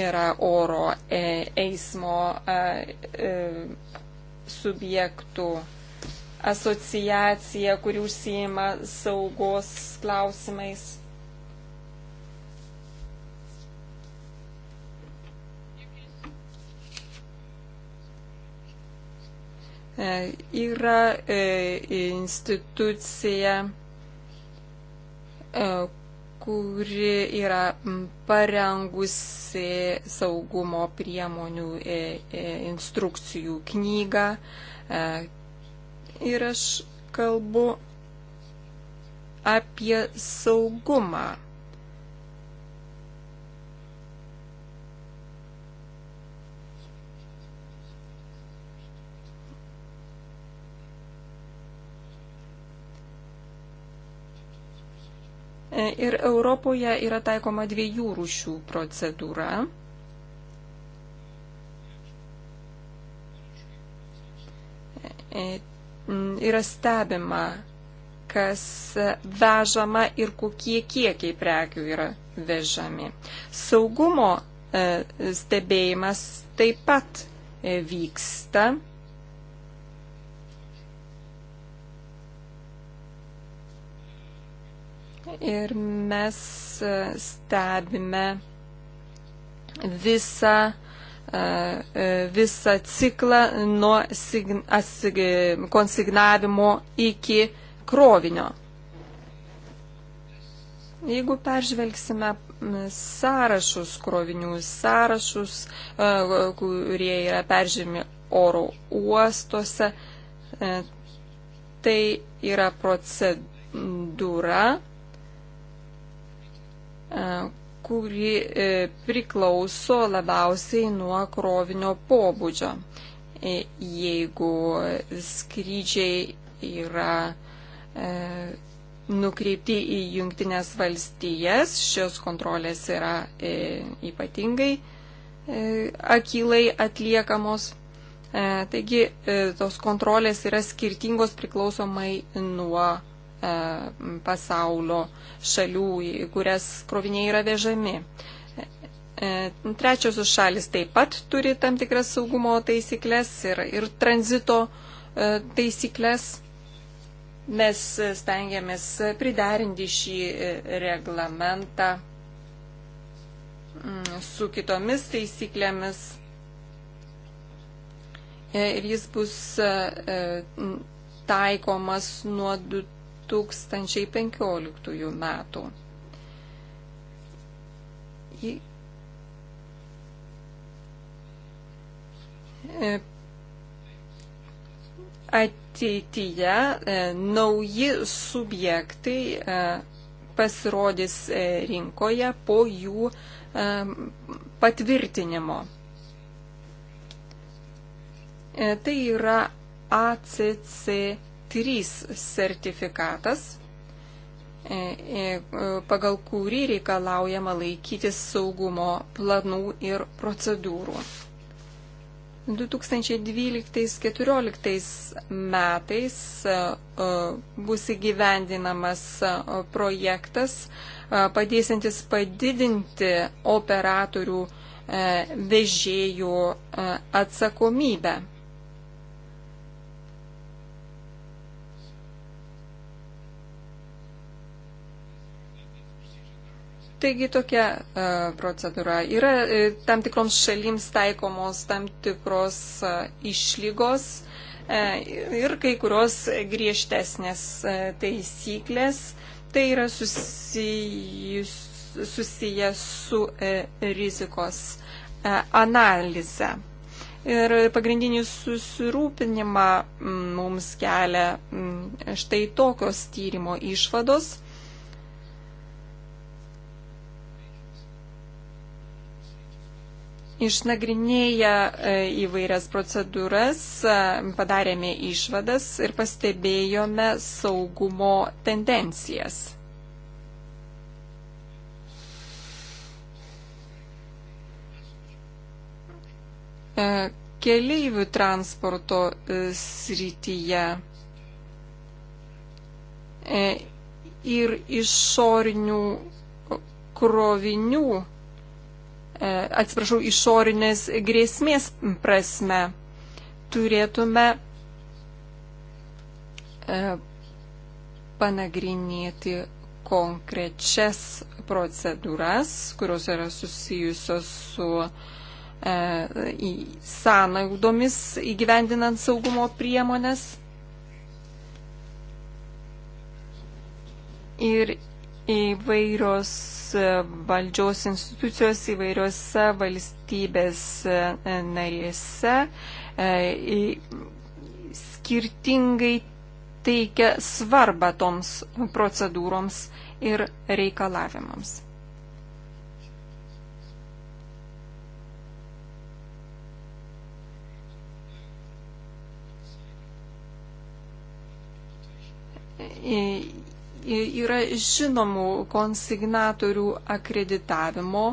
Yra oro e, eismo subjektų asociacija, kuri užsijima saugos klausimais. E, yra e, institucija, e, kuri yra parengusi saugumo priemonių instrukcijų knygą ir aš kalbu apie saugumą. Ir Europoje yra taikoma dviejų rūšių procedūra. Mm, yra stebima, kas vežama ir kokie kiekiai prekių yra vežami. Saugumo e, stebėjimas taip pat e, vyksta. Ir mes e, stebime visą visą ciklą nuo konsignavimo iki krovinio. Jeigu peržvelgsime sąrašus krovinių, sąrašus, e, kurie yra peržymi oro uostuose, e, tai yra procedūra, e, kuri e, priklauso labiausiai nuo krovinio pobūdžio. E, jeigu skrydžiai yra e, nukreipti į jungtinės valstijas, šios kontrolės yra ypatingai akylai atliekamos. Taigi tos kontrolės yra skirtingos priklausomai nuo E, pasaulio šalių, į kurias kroviniai yra vežami. E, trečiosios šalis taip pat turi tam tikras saugumo taisyklės ir, ir tranzito e, taisyklės. Mes stengiamės priderinti šį reglamentą mm, su kitomis taisyklėmis ir jis bus taikomas nuo 2000. 2015 metų. E, ateityje e, nauji subjektai e, pasirodys rinkoje po jų patvirtinimo. Tai yra ACCP 3 sertifikatas, e, e, pagal kurį reikalaujama laikytis saugumo planų ir procedūrų. 2012-2014 metais e, bus įgyvendinamas projektas padėsintis padidinti operatorių vežėjų atsakomybę. Taigi tokia e, procedūra. Yra e, tam tikroms šalims taikomos tam tikros e, išlygos e, ir kai kurios griežtesnės e, taisyklės. Tai yra susijus, susijęs su e, rizikos e, analize. Ir pagrindinį susirūpinimą mums kelia štai tokios tyrimo išvados. išnagrinėję e, įvairias procedūras, e, padarėme išvadas ir pastebėjome saugumo tendencijas. E, keleivių transporto srityje ir išorinių krovinių E, atsiprašau, išorinės grėsmės prasme turėtume e, panagrinėti konkrečias procedūras, kurios yra susijusios su e, sąnaudomis įgyvendinant saugumo priemonės. Ir Įvairios e, valdžios institucijos įvairiose valstybės e, e, narėse skirtingai teikia svarbą toms procedūroms ir reikalavimams yra žinomų konsignatorių akreditavimo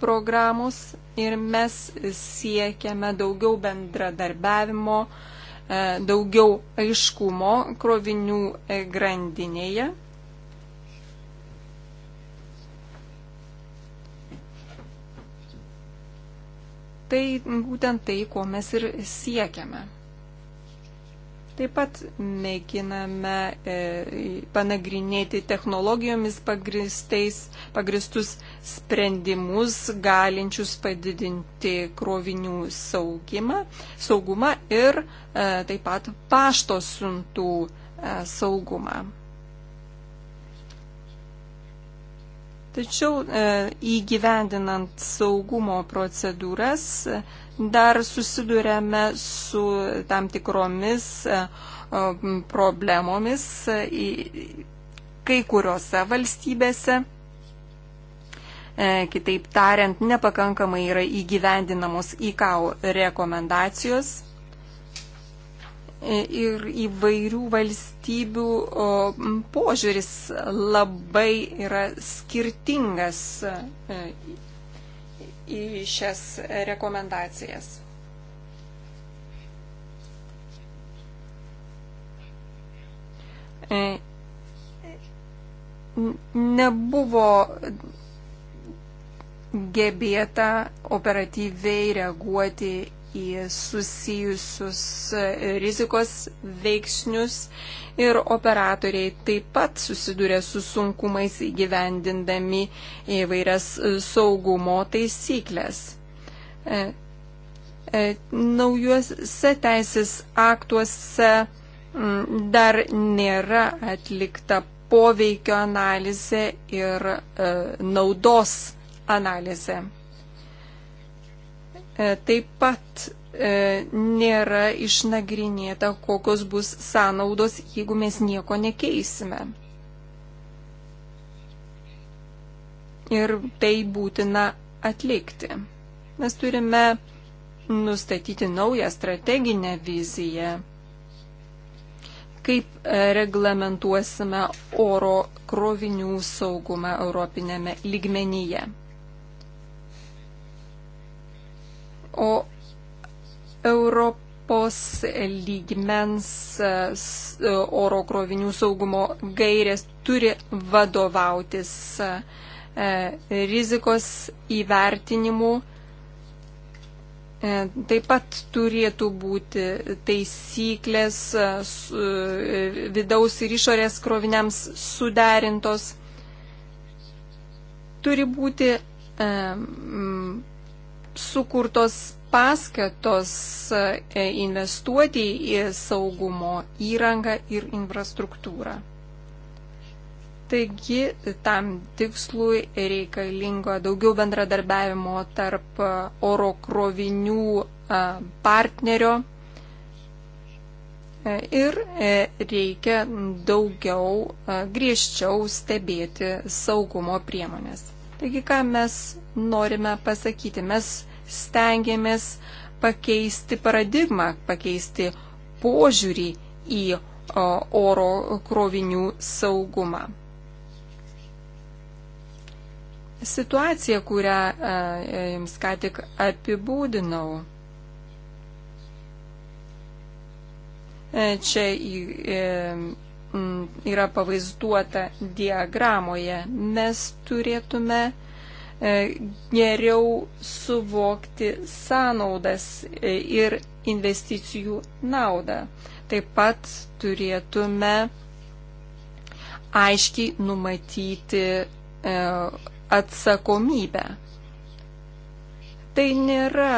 programos ir mes siekiame daugiau bendradarbiavimo, e, daugiau aiškumo krovinių e, grandinėje. Tai būtent tai, ko mes ir siekiame. Taip pat mėginame e, panagrinėti technologijomis pagristus sprendimus, galinčius padidinti krovinių saugimą, saugumą ir e, taip pat pašto siuntų e, saugumą. Tačiau e, įgyvendinant saugumo procedūras, e, dar susidurėme su tam tikromis e, problemomis e, kai kuriuose valstybėse. E, kitaip tariant, nepakankamai yra įgyvendinamos IKAO rekomendacijos ir įvairių valstybių požiūris labai yra skirtingas į šias rekomendacijas. E, nebuvo gebėta operatyviai reaguoti į susijusius e, rizikos veiksnius ir operatoriai taip pat susiduria su sunkumais įgyvendindami įvairias e, saugumo taisyklės. E, naujuose teisės aktuose mm, dar nėra atlikta poveikio analizė ir naudos analizė. E, taip pat e, nėra išnagrinėta, kokios bus sąnaudos, jeigu mes nieko nekeisime. Ir tai būtina atlikti. Mes turime nustatyti naują strateginę viziją, kaip e, reglamentuosime oro krovinių saugumą Europinėme lygmenyje. o Europos lygmens e, oro krovinių saugumo gairės turi vadovautis e, rizikos įvertinimu. E, taip pat turėtų būti taisyklės vidaus ir išorės kroviniams suderintos. Turi būti sukurtos paskatos e, investuoti į saugumo įrangą ir infrastruktūrą. Taigi tam tikslui reikalingo daugiau bendradarbiavimo tarp oro krovinių e, partnerio e, ir reikia daugiau griežčiau stebėti saugumo priemonės. Taigi, ką mes norime pasakyti? Mes stengiamės pakeisti paradigmą, pakeisti požiūrį į oro krovinių saugumą. Situacija, kurią jums ką tik apibūdinau, čia e, yra pavaizduota diagramoje. Mes turėtume E, geriau suvokti sąnaudas e, ir investicijų naudą. Taip pat turėtume aiškiai numatyti e, atsakomybę. Tai nėra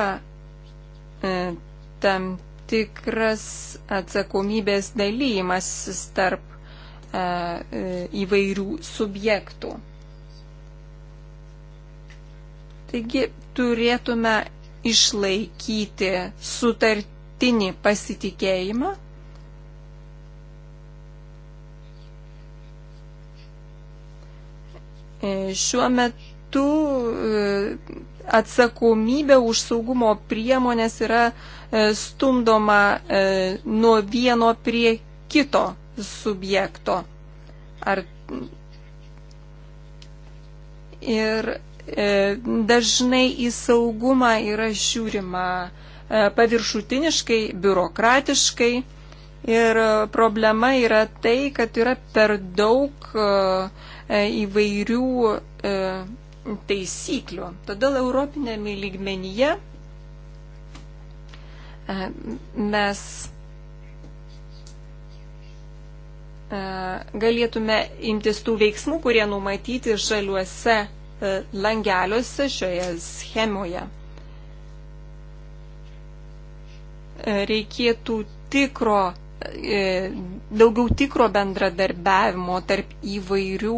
tam tikras atsakomybės dalymasis tarp įvairių subjektų. Taigi turėtume išlaikyti sutartinį pasitikėjimą. E, šiuo metu e, atsakomybė už saugumo priemonės yra e, stumdoma nuo vieno prie kito subjekto. Ar ir E, dažnai į saugumą yra žiūrima e, paviršutiniškai, biurokratiškai ir problema yra tai, kad yra per daug e, įvairių taisyklių. Todėl Europinėme lygmenyje mes galėtume imtis tų veiksmų, kurie numatyti žaliuose E, langeliuose šioje schemoje. E, reikėtų tikro, e, daugiau tikro bendradarbiavimo tarp įvairių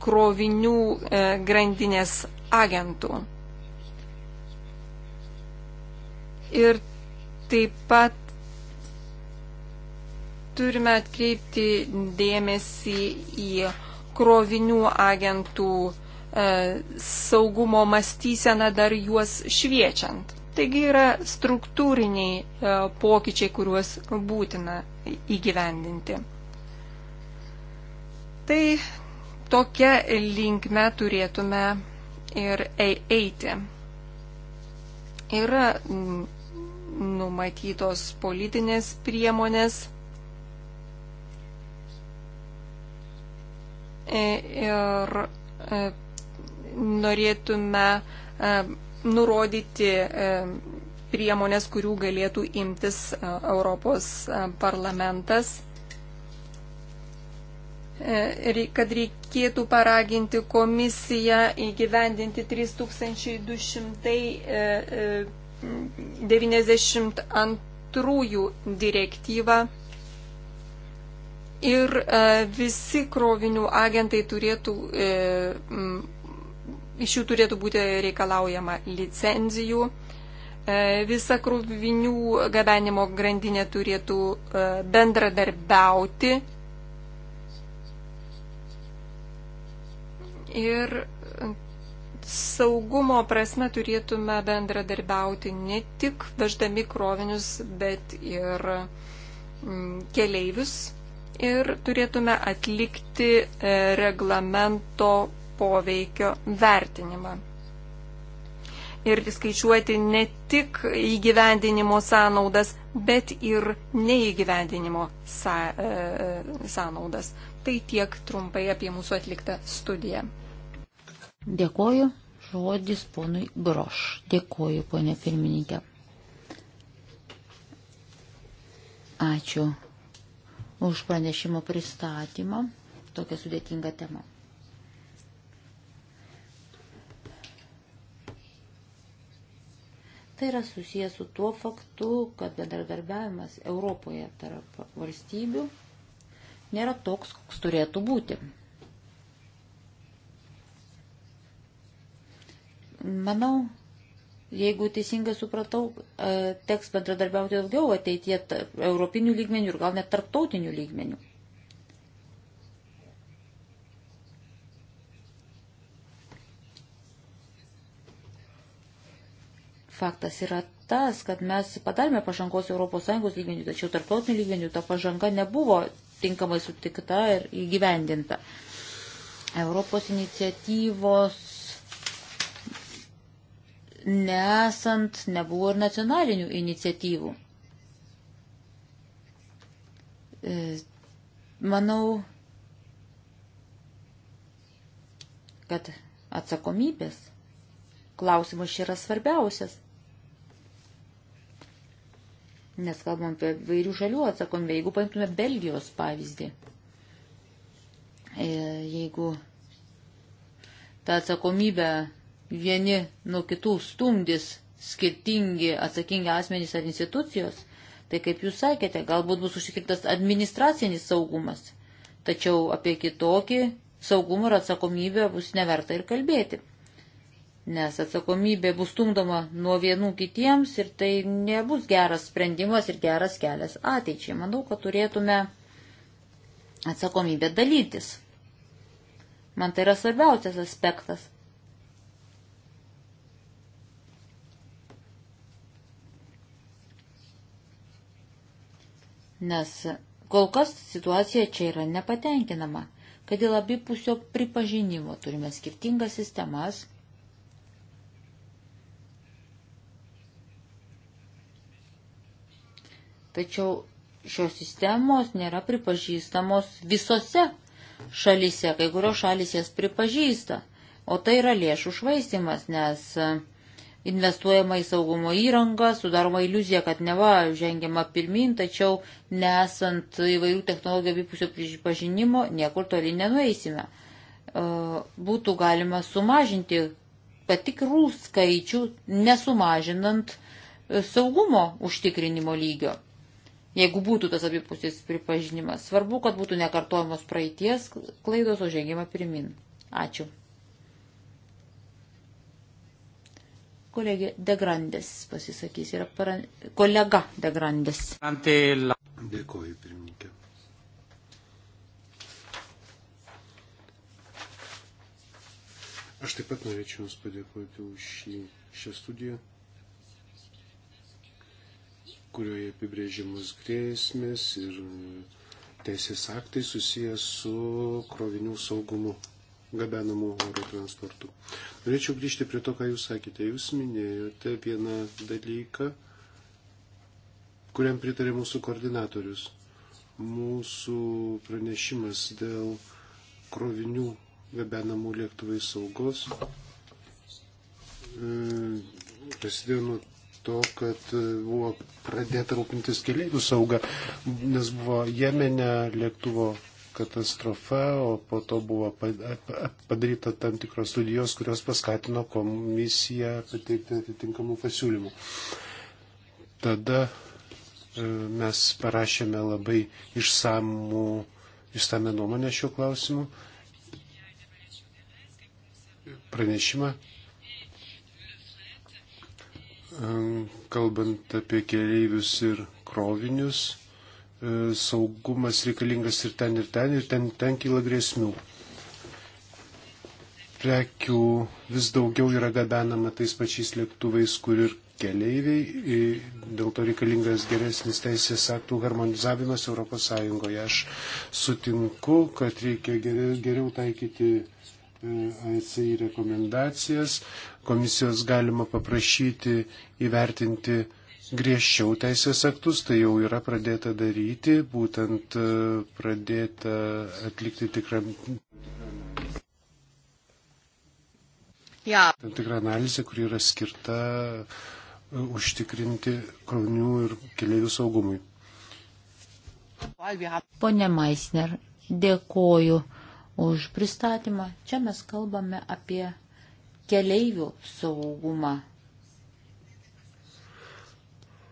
krovinių grandinės agentų. Ir taip pat turime atkreipti dėmesį į krovinių agentų e, saugumo mąstyseną dar juos šviečiant. Taigi yra struktūriniai e, pokyčiai, kuriuos būtina įgyvendinti. Tai tokia linkme turėtume ir e, eiti. Yra numatytos politinės priemonės E, ir e, norėtume e, nurodyti priemonės, kurių galėtų imtis Europos parlamentas kad reikėtų paraginti komisiją įgyvendinti 3292 direktyvą ir e, visi krovinių agentai turėtų, e, iš jų turėtų būti reikalaujama licenzijų. E, visa krovinių gabenimo grandinė turėtų bendradarbiauti. Ir saugumo prasme turėtume bendradarbiauti ne tik veždami krovinius, bet ir keleivius ir turėtume atlikti e, reglamento poveikio vertinimą. Ir skaičiuoti ne tik įgyvendinimo sąnaudas, bet ir neįgyvendinimo e, sąnaudas. Tai tiek trumpai apie mūsų atliktą studiją. Dėkoju. Žodis ponui Groš. Dėkoju, ponė pirmininkė. Ačiū už pranešimo pristatymą tokią sudėtingą temą. Tai yra susijęs su tuo faktu, kad bendradarbiavimas Europoje tarp valstybių nėra toks, koks turėtų būti. Manau, Jeigu teisingai supratau, e, teks bendradarbiauti daugiau ateitie europinių lygmenių ir gal net tarptautinių lygmenių. Faktas yra tas, kad mes padarėme pažangos ES lygmenių, tačiau tarptautinių lygmenių ta pažanga nebuvo tinkamai sutikta ir įgyvendinta. Europos iniciatyvos nesant nebuvo ir nacionalinių iniciatyvų. E, manau, kad atsakomybės klausimas čia yra svarbiausias. Nes kalbam apie vairių šalių atsakomybę. Jeigu paimtume Belgijos pavyzdį, e, jeigu ta atsakomybė vieni nuo kitų stumdys skirtingi atsakingi asmenys ar institucijos, tai kaip jūs sakėte, galbūt bus užtikrintas administracinis saugumas, tačiau apie kitokį saugumą ir atsakomybę bus neverta ir kalbėti. Nes atsakomybė bus stumdoma nuo vienų kitiems ir tai nebus geras sprendimas ir geras kelias ateičiai. Manau, kad turėtume atsakomybę dalytis. Man tai yra svarbiausias aspektas. nes kol kas situacija čia yra nepatenkinama, kad dėl abipusio pripažinimo turime skirtingas sistemas. Tačiau šios sistemos nėra pripažįstamos visose šalyse, kai kurios šalys jas pripažįsta, o tai yra lėšų švaistimas, nes investuojama į saugumo įrangą, sudaroma iliuzija, kad neva žengiama pirmin, tačiau nesant įvairių technologijų abipusio pripažinimo, niekur toli nenueisime. E, būtų galima sumažinti patikrų skaičių, nesumažinant e, saugumo užtikrinimo lygio. Jeigu būtų tas abipusis pripažinimas, svarbu, kad būtų nekartojamos praeities klaidos, o žengima pirmin. Ačiū. Kolegė Degrandės pasisakys, yra para... kolega Degrandės. Dėkoju, pirmininkė. Aš taip pat norėčiau Jums padėkoti už šį, šią studiją, kurioje apibrėžimus grėsmės ir teisės aktai susijęs su krovinių saugumu gabenamų oro transportu. Norėčiau grįžti prie to, ką Jūs sakėte. Jūs minėjote vieną dalyką, kuriam pritarė mūsų koordinatorius. Mūsų pranešimas dėl krovinių gabenamų lėktuvai saugos e, prasidėjo nuo to, kad buvo pradėta rūpintis keliaivių saugą, nes buvo Jemene lėktuvo katastrofa, o po to buvo padaryta tam tikros studijos, kurios paskatino komisiją pateikti atitinkamų pasiūlymų. Tada e, mes parašėme labai išsamų, išsame nuomonę šiuo klausimu, pranešimą, kalbant apie keleivius ir krovinius E, saugumas reikalingas ir ten, ir ten, ir ten, ten kyla grėsmių. Prekių vis daugiau yra gabenama tais pačiais lėktuvais, kur ir keleiviai, dėl to reikalingas geresnis teisės aktų harmonizavimas ES. Aš sutinku, kad reikia geriau, geriau taikyti e, ASI rekomendacijas. Komisijos galima paprašyti įvertinti griežčiau teisės aktus, tai jau yra pradėta daryti, būtent e, pradėta atlikti tikrą. Ja. Tam tikrą analizę, kuri yra skirta e, užtikrinti krovinių ir keliaivių saugumui. Pone Maisner, dėkoju už pristatymą. Čia mes kalbame apie keleivių saugumą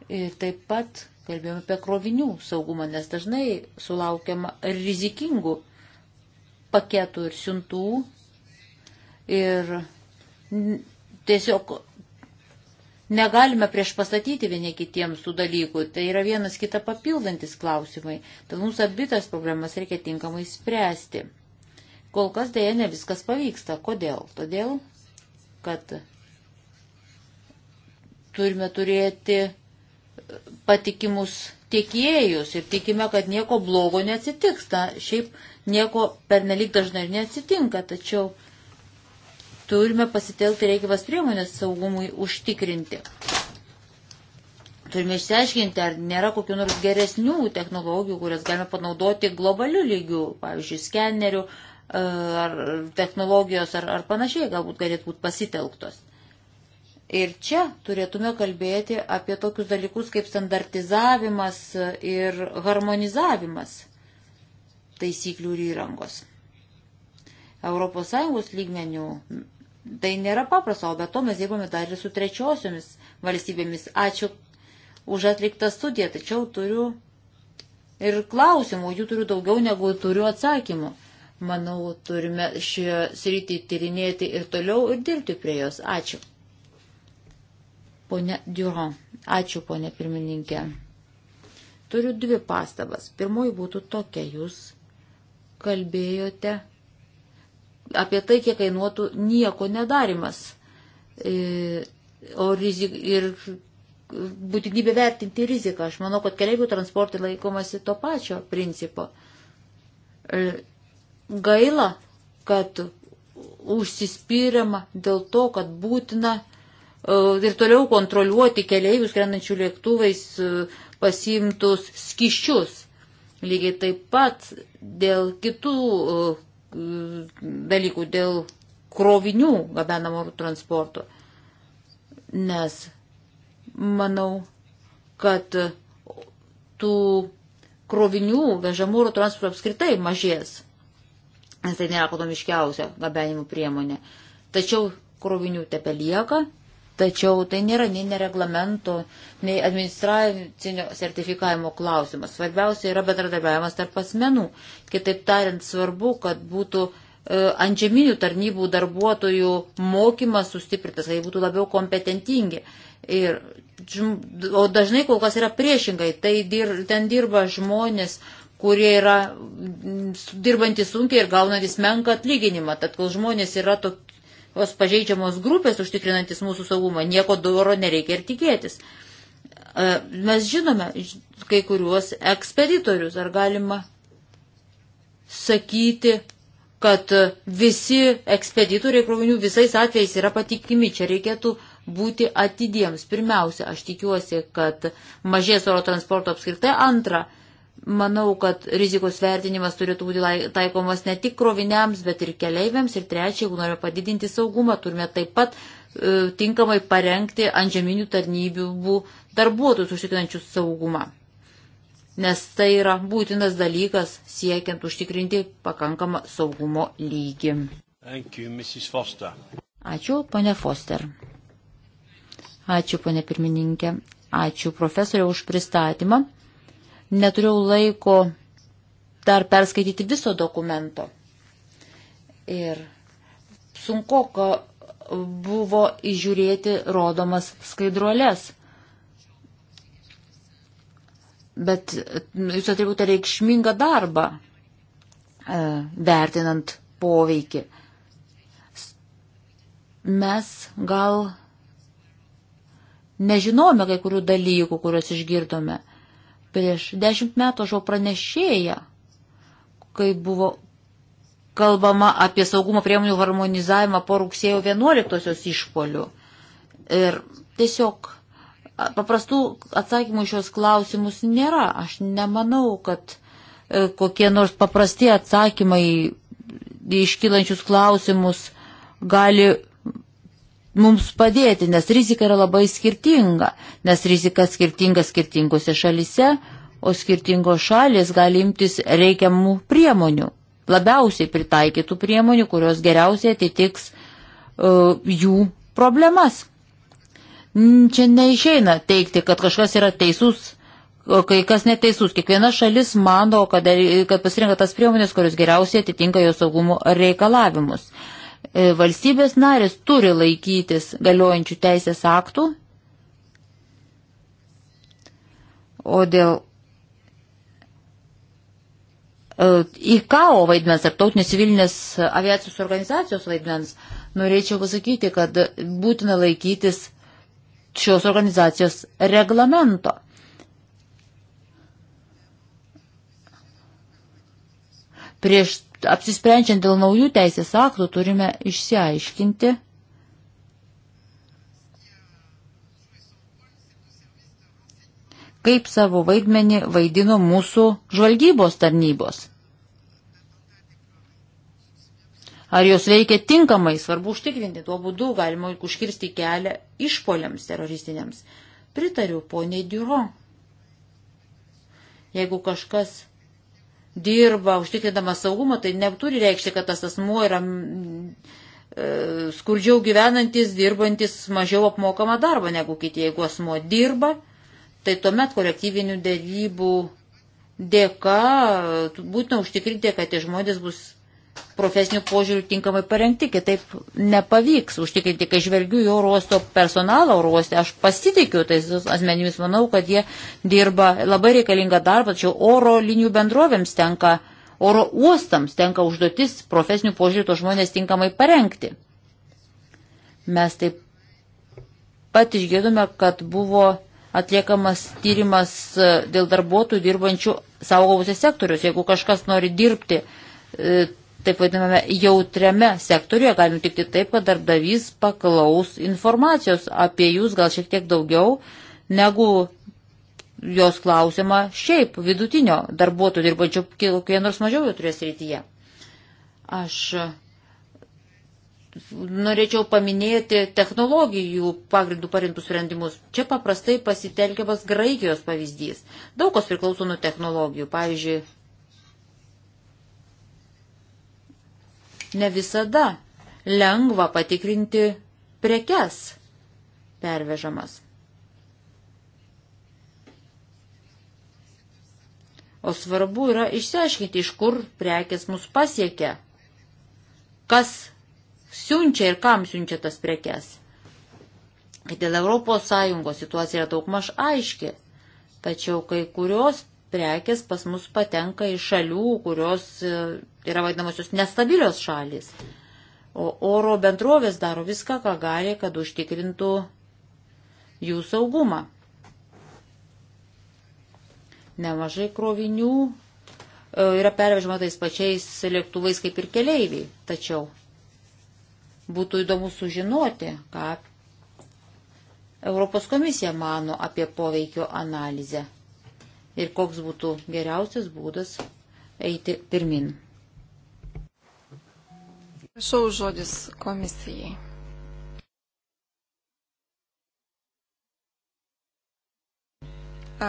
Ir taip pat kalbėjome apie krovinių saugumą, nes dažnai sulaukiama rizikingų paketų ir siuntų. Ir tiesiog negalime prieš pastatyti vieni kitiems tų dalykų. Tai yra vienas kitą papildantis klausimai. Tad mums abitas problemas reikia tinkamai spręsti. Kol kas dėja ne viskas pavyksta. Kodėl? Todėl, kad turime turėti patikimus tiekėjus ir tikime, kad nieko blogo neatsitiks. Na, šiaip nieko pernelik dažnai neatsitinka, tačiau turime pasitelkti reikiamas priemonės saugumui užtikrinti. Turime išsiaiškinti, ar nėra kokių nors geresnių technologijų, kurias galime panaudoti globalių lygių, pavyzdžiui, skenerių e, ar technologijos ar, ar panašiai galbūt galėtų būti pasitelktos. Ir čia turėtume kalbėti apie tokius dalykus kaip standartizavimas ir harmonizavimas taisyklių ir įrangos. ES lygmenių tai nėra paprasta, o be to mes dirbame dar ir su trečiosiomis valstybėmis. Ačiū už atliktą studiją, tačiau turiu ir klausimų, jų turiu daugiau negu turiu atsakymų. Manau, turime šią sritį tyrinėti ir toliau ir dirbti prie jos. Ačiū. Pone Diuro, ačiū ponė pirmininkė. Turiu dvi pastabas. Pirmoji būtų tokia, jūs kalbėjote apie tai, kiek kainuotų nieko nedarimas. E, o rizik, ir būtinybė vertinti riziką. Aš manau, kad keliaivių transportai laikomasi to pačio principo. E, gaila, kad užsispyriama dėl to, kad būtina E, ir toliau kontroliuoti keleivius krendančių lėktuvais e, pasiimtus skiščius. Lygiai taip pat dėl kitų e, dalykų, dėl krovinių gabenamų transporto. Nes manau, kad tų krovinių vežamų oro transporto apskritai mažės, nes tai nėra ekonomiškiausia gabenimų priemonė. Tačiau krovinių tebe lieka Tačiau tai nėra nei nereglamento, nei administracinio sertifikavimo klausimas. Svarbiausia yra bendradarbiavimas tarp asmenų. Kitaip tariant, svarbu, kad būtų e, antžeminių tarnybų darbuotojų mokymas sustiprintas, kad jie būtų labiau kompetentingi. Ir, o dažnai kol kas yra priešingai, tai dir, ten dirba žmonės, kurie yra dirbantys sunkiai ir gaunantis menką atlyginimą. Tad kol žmonės yra to, tos pažeidžiamos grupės užtikrinantis mūsų saugumą, nieko doro nereikia ir tikėtis. E, mes žinome kai kuriuos ekspeditorius, ar galima sakyti, kad visi ekspeditoriai krovinių visais atvejais yra patikimi. Čia reikėtų būti atidiems. Pirmiausia, aš tikiuosi, kad mažės oro transporto apskritai. Antra, Manau, kad rizikos vertinimas turėtų būti taikomas ne tik kroviniams, bet ir keleiviams. Ir trečia, jeigu norime padidinti saugumą, turime taip pat e, tinkamai parengti antžeminių tarnybų darbuotojus užtikrinančius saugumą. Nes tai yra būtinas dalykas siekiant užtikrinti pakankamą saugumo lygį. Thank you, Ačiū, ponė Foster. Ačiū, ponė pirmininkė. Ačiū profesorė už pristatymą neturėjau laiko dar perskaityti viso dokumento. Ir sunku, ko buvo įžiūrėti rodomas skaidruolės. Bet jūs atribuote reikšmingą darbą, e, vertinant poveikį. Mes gal nežinome kai kurių dalykų, kuriuos išgirdome. Prieš dešimt metų aš jau pranešėję, kai buvo kalbama apie saugumo priemonių harmonizavimą po rugsėjo 11-osios išpolių. Ir tiesiog paprastų atsakymų šios klausimus nėra. Aš nemanau, kad e, kokie nors paprasti atsakymai iškylančius klausimus gali mums padėti, nes rizika yra labai skirtinga, nes rizika skirtinga skirtingose šalise, o skirtingos šalis gali imtis reikiamų priemonių, labiausiai pritaikytų priemonių, kurios geriausiai atitiks uh, jų problemas. Čia neišeina teikti, kad kažkas yra teisus, kai kas neteisus. Kiekviena šalis mano, kad, kad pasirinka tas priemonės, kurios geriausiai atitinka jo saugumo reikalavimus. Uh, E, valstybės narės turi laikytis galiojančių teisės aktų, o dėl e, IKAO vaidmens, tarptautinės civilinės aviacijos organizacijos vaidmens, norėčiau pasakyti, kad būtina laikytis šios organizacijos reglamento. Prieš apsisprendžiant dėl naujų teisės aktų turime išsiaiškinti, kaip savo vaidmenį vaidino mūsų žvalgybos tarnybos. Ar jos veikia tinkamai, svarbu užtikrinti, tuo būdu galima užkirsti kelią išpoliams teroristiniams. Pritariu poniai Diuro. Jeigu kažkas dirba užtikrindamas saugumą, tai neturi reikšti, kad tas asmuo yra e, skurdžiau gyvenantis, dirbantis mažiau apmokamą darbą negu kiti. Jeigu asmuo dirba, tai tuomet kolektyvinių dėrybų dėka e, būtina užtikrinti, kad tie žmonės bus profesinių požiūrių tinkamai parengti, kitaip nepavyks užtikrinti, kai žvelgiu į oro uosto personalą oro uoste, aš pasitikiu tais asmenimis, manau, kad jie dirba labai reikalingą darbą, tačiau oro linijų bendrovėms tenka, oro uostams tenka užduotis profesinių požiūrių to žmonės tinkamai parengti. Mes taip pat išgirdome, kad buvo atliekamas tyrimas e, dėl darbuotojų dirbančių saugomuose sektorius. Jeigu kažkas nori dirbti e, taip vadiname, jautriame sektoriuje galim tikti taip, kad darbdavys paklaus informacijos apie jūs gal šiek tiek daugiau negu jos klausimą šiaip vidutinio darbuotojų dirbančių kokie nors mažiau jautrės rytyje. Aš norėčiau paminėti technologijų pagrindų parintus sprendimus. Čia paprastai pasitelkiamas Graikijos pavyzdys. Daug kas priklauso nuo technologijų. Pavyzdžiui, Ne visada lengva patikrinti prekes pervežamas. O svarbu yra išsiaiškinti, iš kur prekes mus pasiekia, kas siunčia ir kam siunčia tas prekes. Kad dėl Europos Sąjungos situacija yra daug maž aiški, tačiau kai kurios prekes pas mus patenka iš šalių, kurios e, yra vadinamosios nestabilios šalis. O oro bendrovės daro viską, ką gali, kad užtikrintų jų saugumą. Nemažai krovinių e, yra pervežama tais pačiais lėktuvais kaip ir keleiviai. Tačiau būtų įdomu sužinoti, ką Europos komisija mano apie poveikio analizę ir koks būtų geriausias būdas eiti pirmin. Prašau žodis komisijai.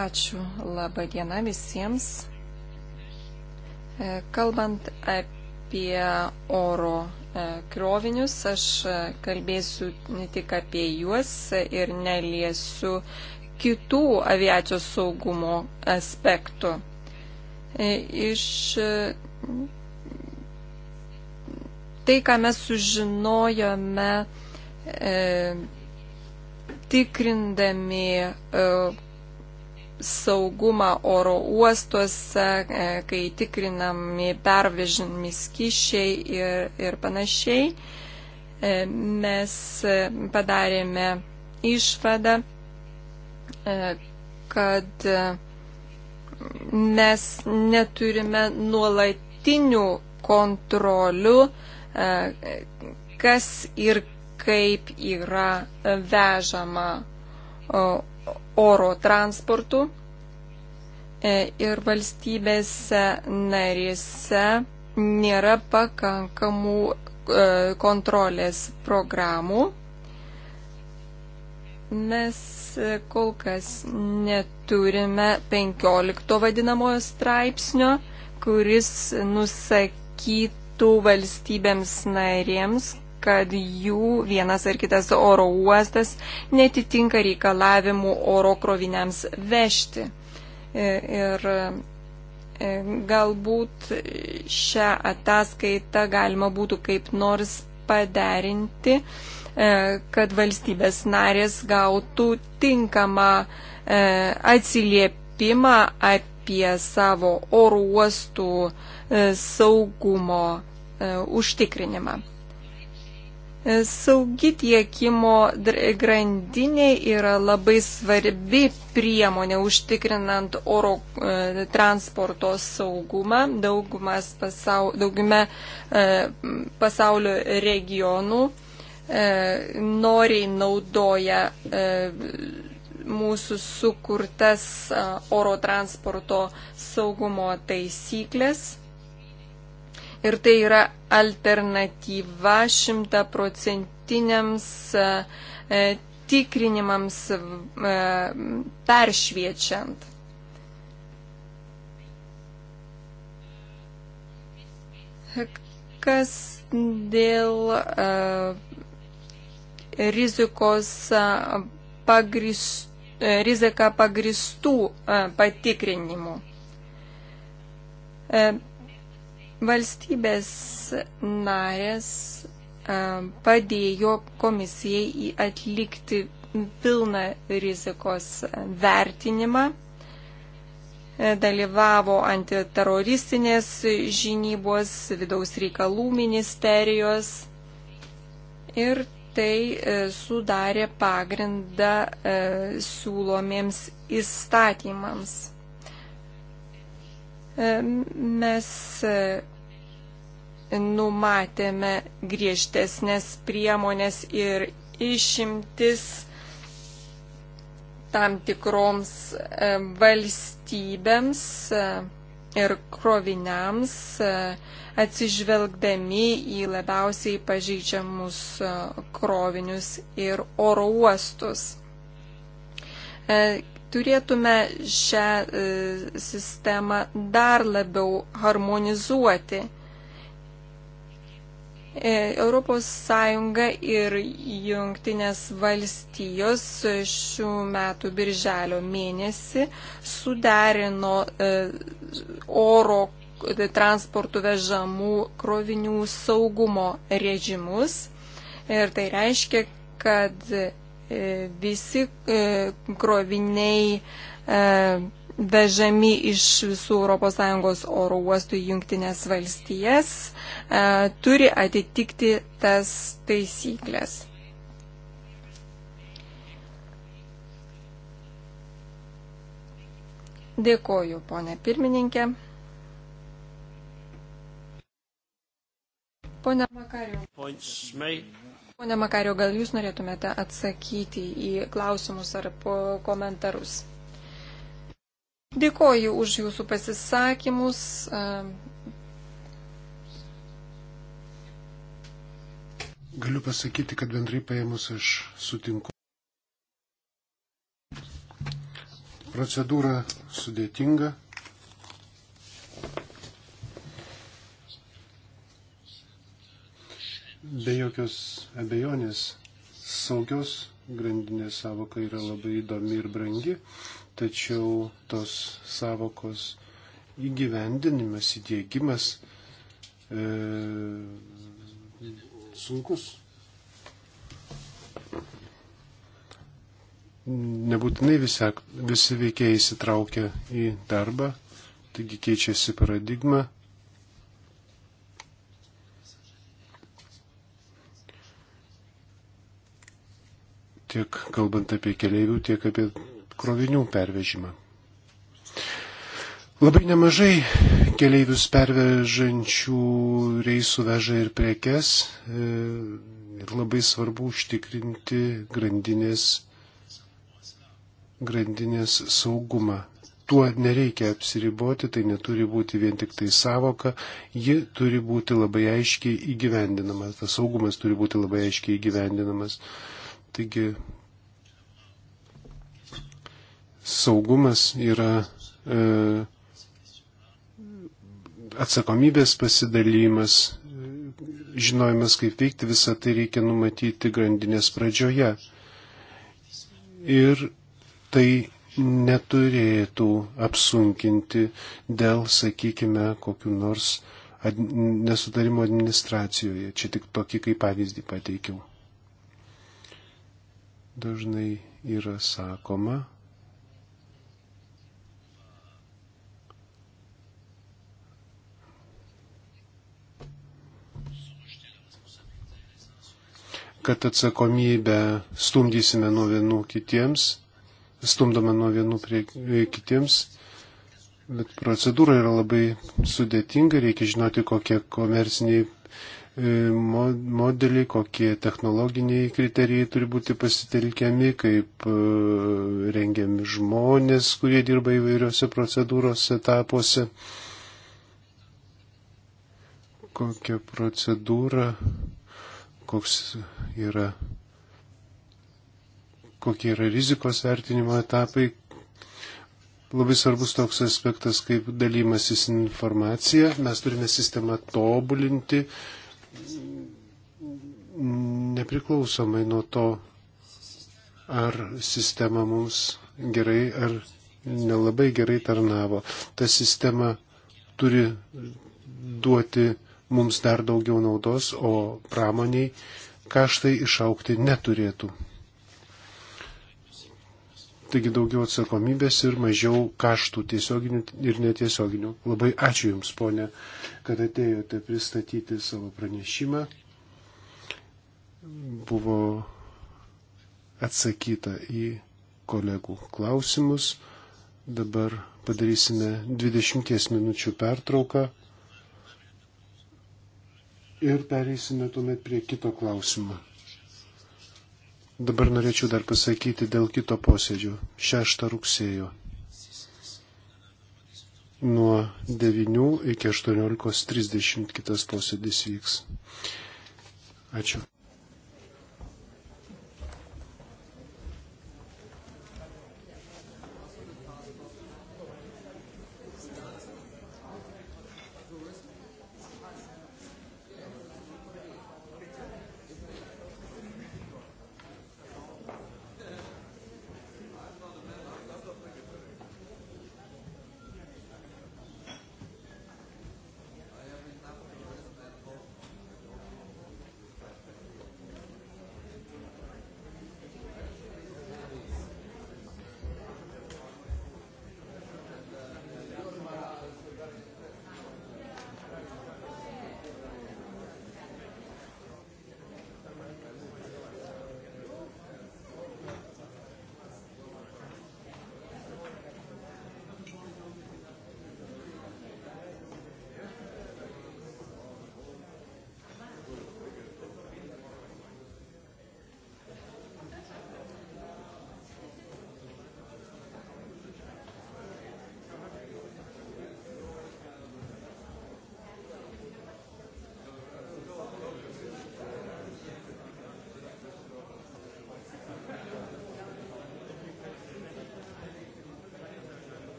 Ačiū. Labą dieną visiems. E, kalbant apie oro e, krovinius, aš e, kalbėsiu tik apie juos ir neliesiu kitų aviacijos saugumo aspektų. Iš tai, ką mes sužinojome e, tikrindami e, saugumą oro uostuose, e, kai tikrinami pervežinami skyšiai ir, ir panašiai, e, mes padarėme išvadą, e, kad e, mes neturime nuolatinių kontrolių, e, kas ir kaip yra vežama oro transportu e, ir valstybėse narėse nėra pakankamų e, kontrolės programų. Mes e, kol kas neturime 15 vadinamojo straipsnio, kuris nusakytų reikėtų valstybėms narėms, kad jų vienas ar kitas oro uostas netitinka reikalavimų oro kroviniams vežti. E, ir e, galbūt šią ataskaitą galima būtų kaip nors paderinti, e, kad valstybės narės gautų tinkamą atsiliepimą apie apie savo oro uostų e, saugumo e, užtikrinimą. E, saugi tiekimo grandinė yra labai svarbi priemonė užtikrinant oro e, transporto saugumą daugumas pasau, daugume e, pasaulio regionų e, noriai naudoja e, mūsų sukurtas oro transporto saugumo taisyklės. Ir tai yra alternatyva šimtaprocentiniams e, tikrinimams e, peršviečiant. Kas dėl rizikos pagristų E, rizika pagristų e, patikrinimų. E, valstybės narės padėjo komisijai atlikti pilną rizikos vertinimą, dalyvavo antiteroristinės žinybos, vidaus reikalų ministerijos ir tai e, sudarė pagrindą e, siūlomiems įstatymams. E, mes numatėme griežtesnės priemonės ir išimtis tam tikroms valstybėms. E, ir kroviniams, e, atsižvelgdami į labiausiai pažeidžiamus e, krovinius ir oro uostus. E, turėtume šią sistemą dar labiau harmonizuoti E, Europos Sąjunga ir Jungtinės valstijos šių metų birželio mėnesį suderino e, oro e, transportų vežamų krovinių saugumo režimus. Ir tai reiškia, kad visi kroviniai vežami iš visų ES oro uostų į jungtinės valstijas, e, turi atitikti tas taisyklės. Dėkoju, ponė pirmininkė. Pone Makario. Pone Makario, gal jūs norėtumėte atsakyti į klausimus ar komentarus? Dėkoju už jūsų pasisakymus. Ehm. Galiu pasakyti, kad bendrai paėmus aš sutinku. Procedūra sudėtinga. Be jokios abejonės, saugios grandinės savoka yra labai įdomi ir brangi, tačiau tos savokos įgyvendinimas, įdėgymas e, sunkus. Nebūtinai visi, visi veikėjai įsitraukia į darbą, taigi keičiasi paradigma. Tiek kalbant apie keliaivių, tiek apie krovinių pervežimą. Labai nemažai keleivius pervežančių reisų veža ir prekes e, ir labai svarbu užtikrinti grandinės, grandinės saugumą. Tuo nereikia apsiriboti, tai neturi būti vien tik tai savoka, ji turi būti labai aiškiai įgyvendinama, tas saugumas turi būti labai aiškiai įgyvendinamas. Taigi saugumas yra e, atsakomybės pasidalymas, žinojimas, kaip veikti, visą tai reikia numatyti grandinės pradžioje. Ir tai neturėtų apsunkinti dėl, sakykime, kokiu nors ad, nesutarimo administracijoje. Čia tik tokį kaip pavyzdį pateikiau. Dažnai yra sakoma, kad atsakomybę stumdysime nuo vienų kitiems, stumdome nuo vienų prie e, kitiems, bet procedūra yra labai sudėtinga, reikia žinoti, kokie komerciniai e, modeliai, kokie technologiniai kriterijai turi būti pasitelkiami, kaip e, rengiami žmonės, kurie dirba įvairiuose procedūros etapuose, kokia procedūra koks yra, kokie yra rizikos vertinimo etapai. Labai svarbus toks aspektas kaip dalymasis informacija. Mes turime sistemą tobulinti nepriklausomai nuo to, ar sistema mums gerai ar nelabai gerai tarnavo. Ta sistema turi duoti mums dar daugiau naudos, o pramoniai kaštai išaukti neturėtų. Taigi daugiau atsakomybės ir mažiau kaštų tiesioginių ir netiesioginių. Labai ačiū Jums, ponė, kad atėjote pristatyti savo pranešimą. Buvo atsakyta į kolegų klausimus. Dabar padarysime 20 minučių pertrauką ir pereisime tuomet prie kito klausimo. Dabar norėčiau dar pasakyti dėl kito posėdžio. 6 rugsėjo. Nuo 9 iki 18.30 kitas posėdis vyks. Ačiū.